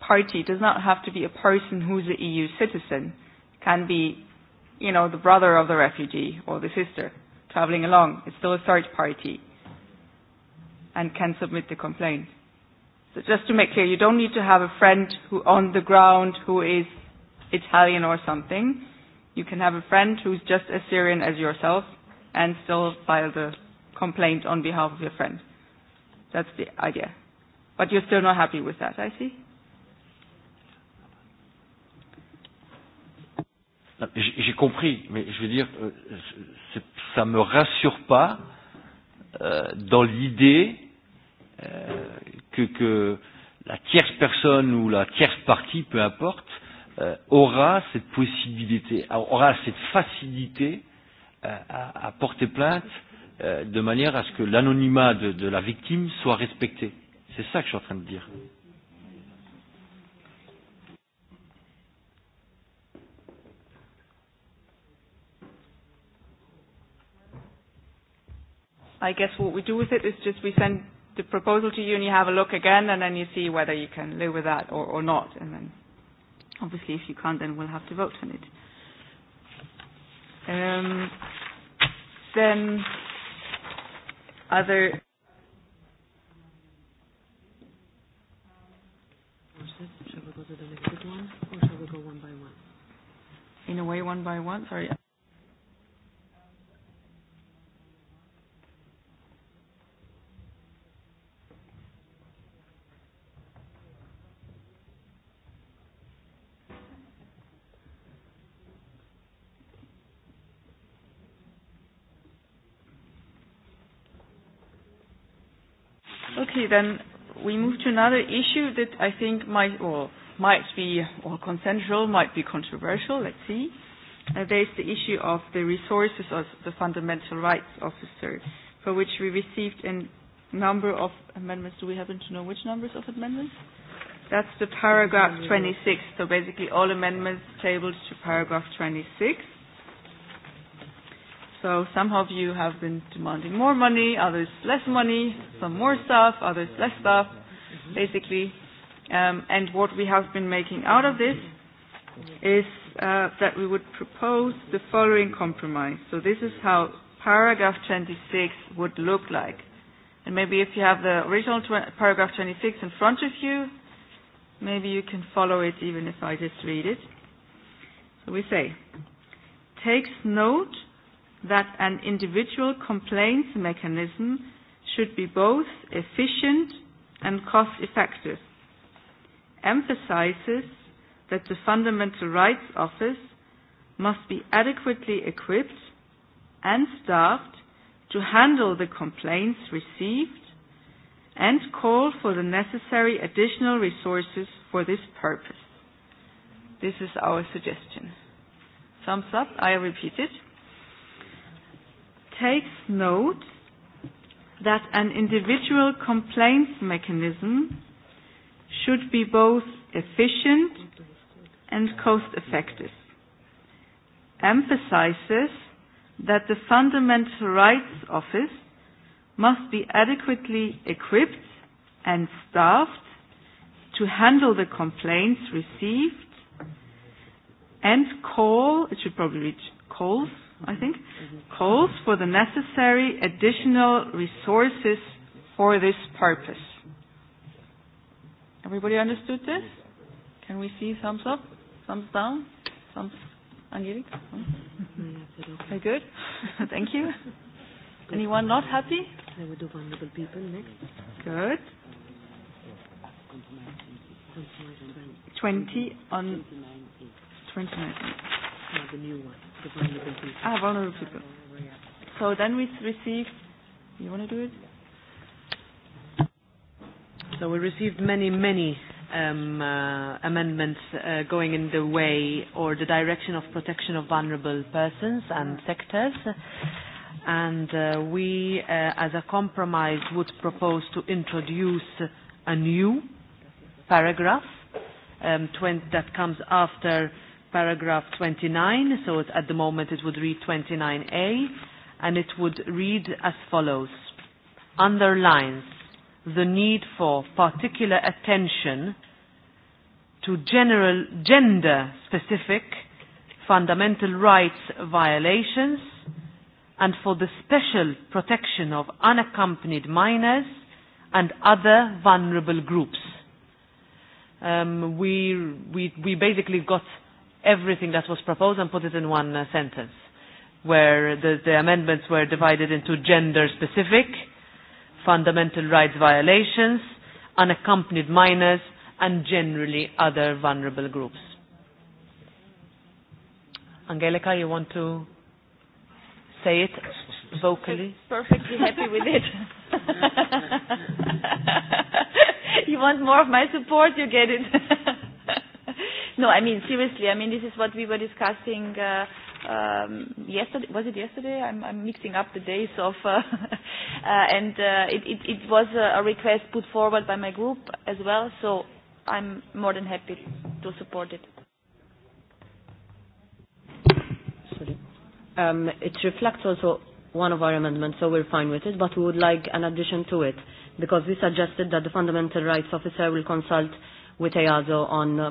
party does not have to be a person who's an EU citizen. Can be, you know, the brother of the refugee or the sister traveling along. It's still a third party and can submit the complaint. So just to make clear, you don't need to have a friend who on the ground who is Italian or something. You can have a friend who's just as Syrian as yourself and still file the complaint on behalf of your friend. That's the idea. But you're still not happy with that, I see. J'ai compris, mais je veux dire, euh, ça ne me rassure pas euh, dans l'idée euh, que, que la tierce personne ou la tierce partie, peu importe, euh, aura cette possibilité, aura cette facilité euh, à, à porter plainte euh, de manière à ce que l'anonymat de, de la victime soit respecté. C'est ça que je suis en train de dire. Euh, I guess what we do with it is just we send the proposal to you and you have a look again and then you see whether you can live with that or, or not. And then obviously if you can't then we'll have to vote on it. Um, then other Shall we go to the next one or shall we go one by one? In a way, one by one? Sorry. Okay, then we move to another issue that I think might, well, might be well, consensual, might be controversial, let's see. Uh, there's the issue of the resources of the fundamental rights officer, for which we received a number of amendments. Do we happen to know which numbers of amendments? That's the paragraph 26, so basically all amendments tabled to paragraph 26. So some of you have been demanding more money, others less money, some more stuff, others less stuff, basically. Um, and what we have been making out of this is uh, that we would propose the following compromise. So this is how paragraph 26 would look like. And maybe if you have the original tw- paragraph 26 in front of you, maybe you can follow it even if I just read it. So we say, takes note that an individual complaints mechanism should be both efficient and cost effective, emphasizes that the Fundamental Rights Office must be adequately equipped and staffed to handle the complaints received and call for the necessary additional resources for this purpose. This is our suggestion. Thumbs up, I repeat it takes note that an individual complaints mechanism should be both efficient and cost effective, emphasizes that the Fundamental Rights Office must be adequately equipped and staffed to handle the complaints received and call, it should probably reach calls, I think, calls for the necessary additional resources for this purpose. Everybody understood this? Can we see thumbs up, thumbs down, thumbs, Angelique? Very mm-hmm. good. Thank you. Anyone not happy? I will do vulnerable people next. Good. 20 on 29. No, the new one. Ah, vulnerable people. So then we received. You want to do it? So we received many, many um, uh, amendments uh, going in the way or the direction of protection of vulnerable persons and sectors. And uh, we, uh, as a compromise, would propose to introduce a new paragraph um, 20, that comes after uh, paragraph 29, so it's, at the moment it would read 29A, and it would read as follows. Underlines the need for particular attention to general gender-specific fundamental rights violations and for the special protection of unaccompanied minors and other vulnerable groups. Um, we, we, we basically got everything that was proposed and put it in one uh, sentence, where the, the amendments were divided into gender-specific, fundamental rights violations, unaccompanied minors, and generally other vulnerable groups. Angelica, you want to say it vocally? Perfectly happy with it. you want more of my support, you get it. No, I mean, seriously, I mean, this is what we were discussing uh, um, yesterday. Was it yesterday? I'm, I'm mixing up the days of. Uh, uh, and uh, it, it, it was a request put forward by my group as well, so I'm more than happy to support it. Sorry. Um, it reflects also one of our amendments, so we're fine with it, but we would like an addition to it because we suggested that the Fundamental Rights Officer will consult with EASO on uh,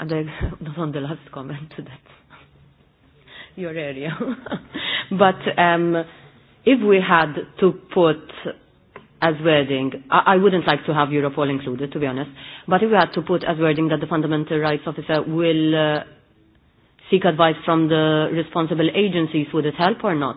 and I was on the last comment to that, your area. but um, if we had to put as wording, I, I wouldn't like to have Europol included, to be honest, but if we had to put as wording that the fundamental rights officer will uh, seek advice from the responsible agencies, would it help or not?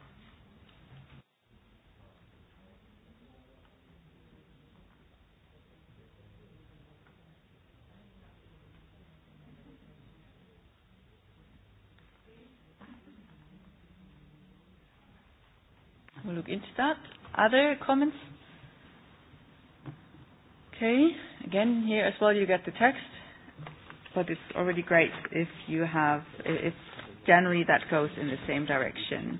We'll look into that. Other comments? Okay. Again, here as well, you get the text, but it's already great if you have, if generally that goes in the same direction.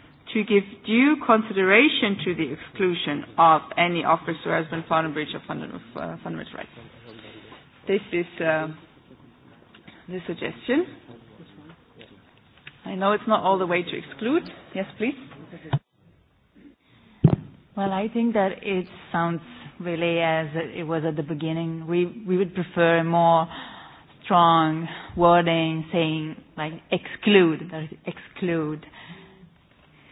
to give due consideration to the exclusion of any officer who has been found in breach of uh, fundamental rights. This is uh, the suggestion. I know it's not all the way to exclude. Yes, please. Well, I think that it sounds really as it was at the beginning. We we would prefer a more strong wording saying like exclude, exclude. Uh,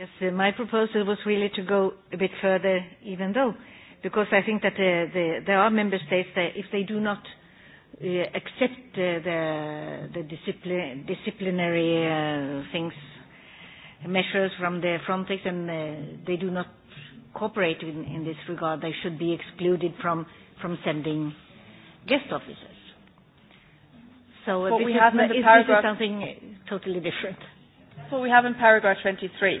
Yes, uh, my proposal was really to go a bit further, even though, because I think that uh, the, there are member states that if they do not uh, accept uh, the, the discipline, disciplinary uh, things, measures from the Frontex, and uh, they do not cooperate in, in this regard, they should be excluded from, from sending guest officers. So what this we is, have in the this paragraph, is something totally different. That's what we have in paragraph 23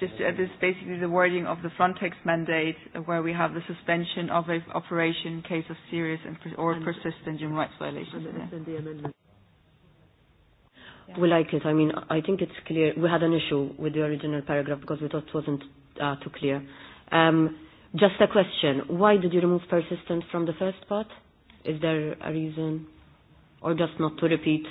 just uh, this is basically the wording of the Frontex mandate, uh, where we have the suspension of an operation in case of serious and per- or and persistent human rights violations. And, and the amendment. Yeah. We like it. I mean, I think it's clear. We had an issue with the original paragraph because we thought it wasn't uh, too clear. Um, just a question. Why did you remove persistent from the first part? Is there a reason? Or just not to repeat? Uh,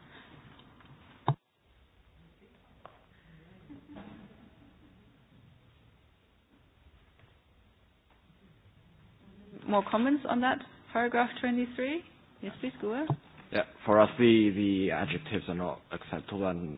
more comments on that paragraph 23? Yes, please, Gua. Yeah, for us the, the adjectives are not acceptable and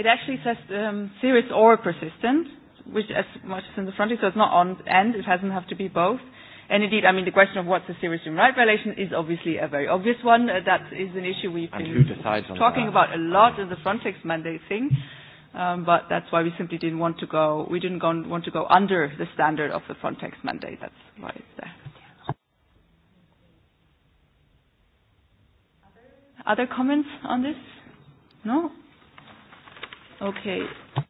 It actually says um, serious or persistent, which as much as in the frontier, so it's not on and it doesn't have to be both. And indeed, I mean, the question of what's a serious human rights violation is obviously a very obvious one. Uh, that is an issue we've and been talking that? about a lot in the Frontex mandate thing. Um, but that's why we simply didn't want to go. We didn't go, want to go under the standard of the Frontex mandate. That's why it's there. Other comments on this? No? okei okay..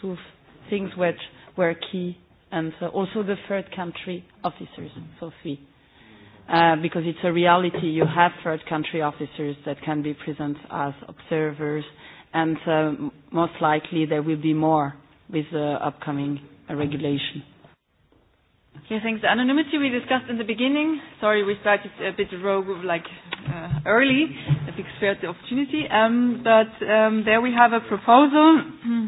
two things which were key, and uh, also the third country officers, Sophie. Uh, because it's a reality, you have third country officers that can be present as observers, and um, most likely there will be more with the upcoming uh, regulation. Okay, thanks. The anonymity we discussed in the beginning. Sorry, we started a bit rogue, like uh, early. I think spared the opportunity. Um, but um, there we have a proposal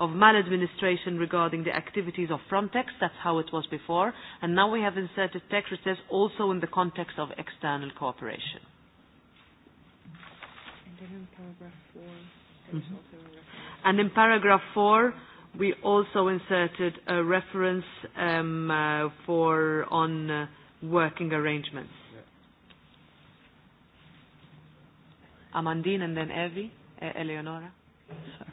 of maladministration regarding the activities of Frontex. That's how it was before. And now we have inserted text which says also in the context of external cooperation. And then in paragraph four, there mm -hmm. also a reference. And in paragraph four, we also inserted a reference um, uh, for on uh, working arrangements. Yeah. Amandine and then Evie, uh, Eleonora. Sorry.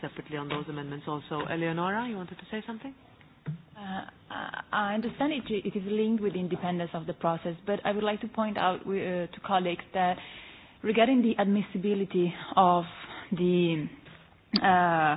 separately on those amendments also. Eleonora, you wanted to say something? Uh, uh I understand it, it is linked with the independence of the process, but I would like to point out uh, to colleagues that regarding the admissibility of the uh,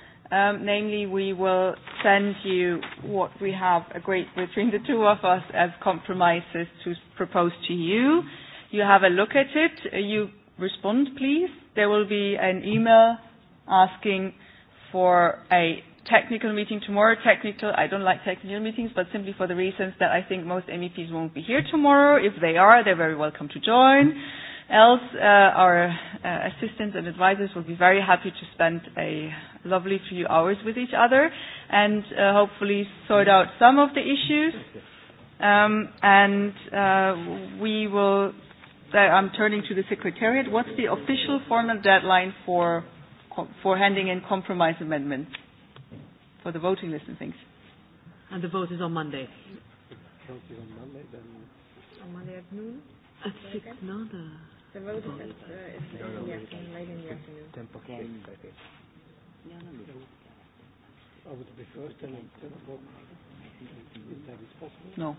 Um, namely, we will send you what we have agreed between the two of us as compromises to propose to you. You have a look at it. Uh, you respond, please. There will be an email asking for a technical meeting tomorrow. Technical, I don't like technical meetings, but simply for the reasons that I think most MEPs won't be here tomorrow. If they are, they're very welcome to join else, uh, our uh, assistants and advisors will be very happy to spend a lovely few hours with each other and uh, hopefully sort out some of the issues. Um, and uh, we will, uh, I'm turning to the Secretariat. What's the official formal deadline for, for handing in compromise amendments for the voting list and things? And the vote is on Monday. Count is on Monday, then. On Monday at noon? At six, no, the. The vote is at, uh, is no, no, in the afternoon, late in the afternoon. Ten past six, I think. No, no, no. I would prefer ten o'clock. No,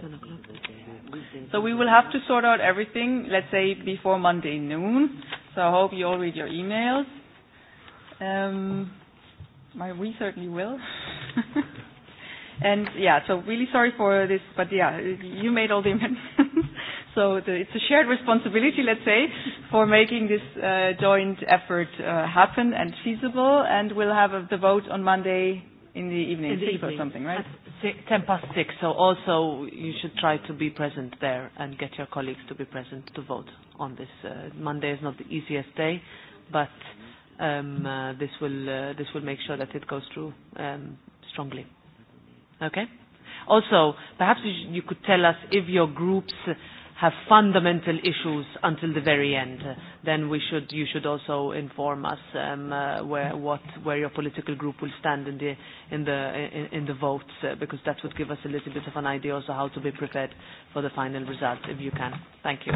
ten o'clock. So we will have to sort out everything, let's say, before Monday noon. So I hope you all read your emails. Um, my, we certainly will. and yeah, so really sorry for this, but yeah, you made all the amendments. So the, it's a shared responsibility, let's say, for making this uh, joint effort uh, happen and feasible. And we'll have a, the vote on Monday in the evening, in the six evening. or something, right? At six, ten past six. So also you should try to be present there and get your colleagues to be present to vote on this. Uh, Monday is not the easiest day, but um, uh, this will uh, this will make sure that it goes through um, strongly. Okay. Also, perhaps you, sh- you could tell us if your groups. Uh, have fundamental issues until the very end, then we should, you should also inform us um, uh, where, what, where your political group will stand in the, in the, in, in the votes, uh, because that would give us a little bit of an idea also how to be prepared for the final result, if you can. Thank you.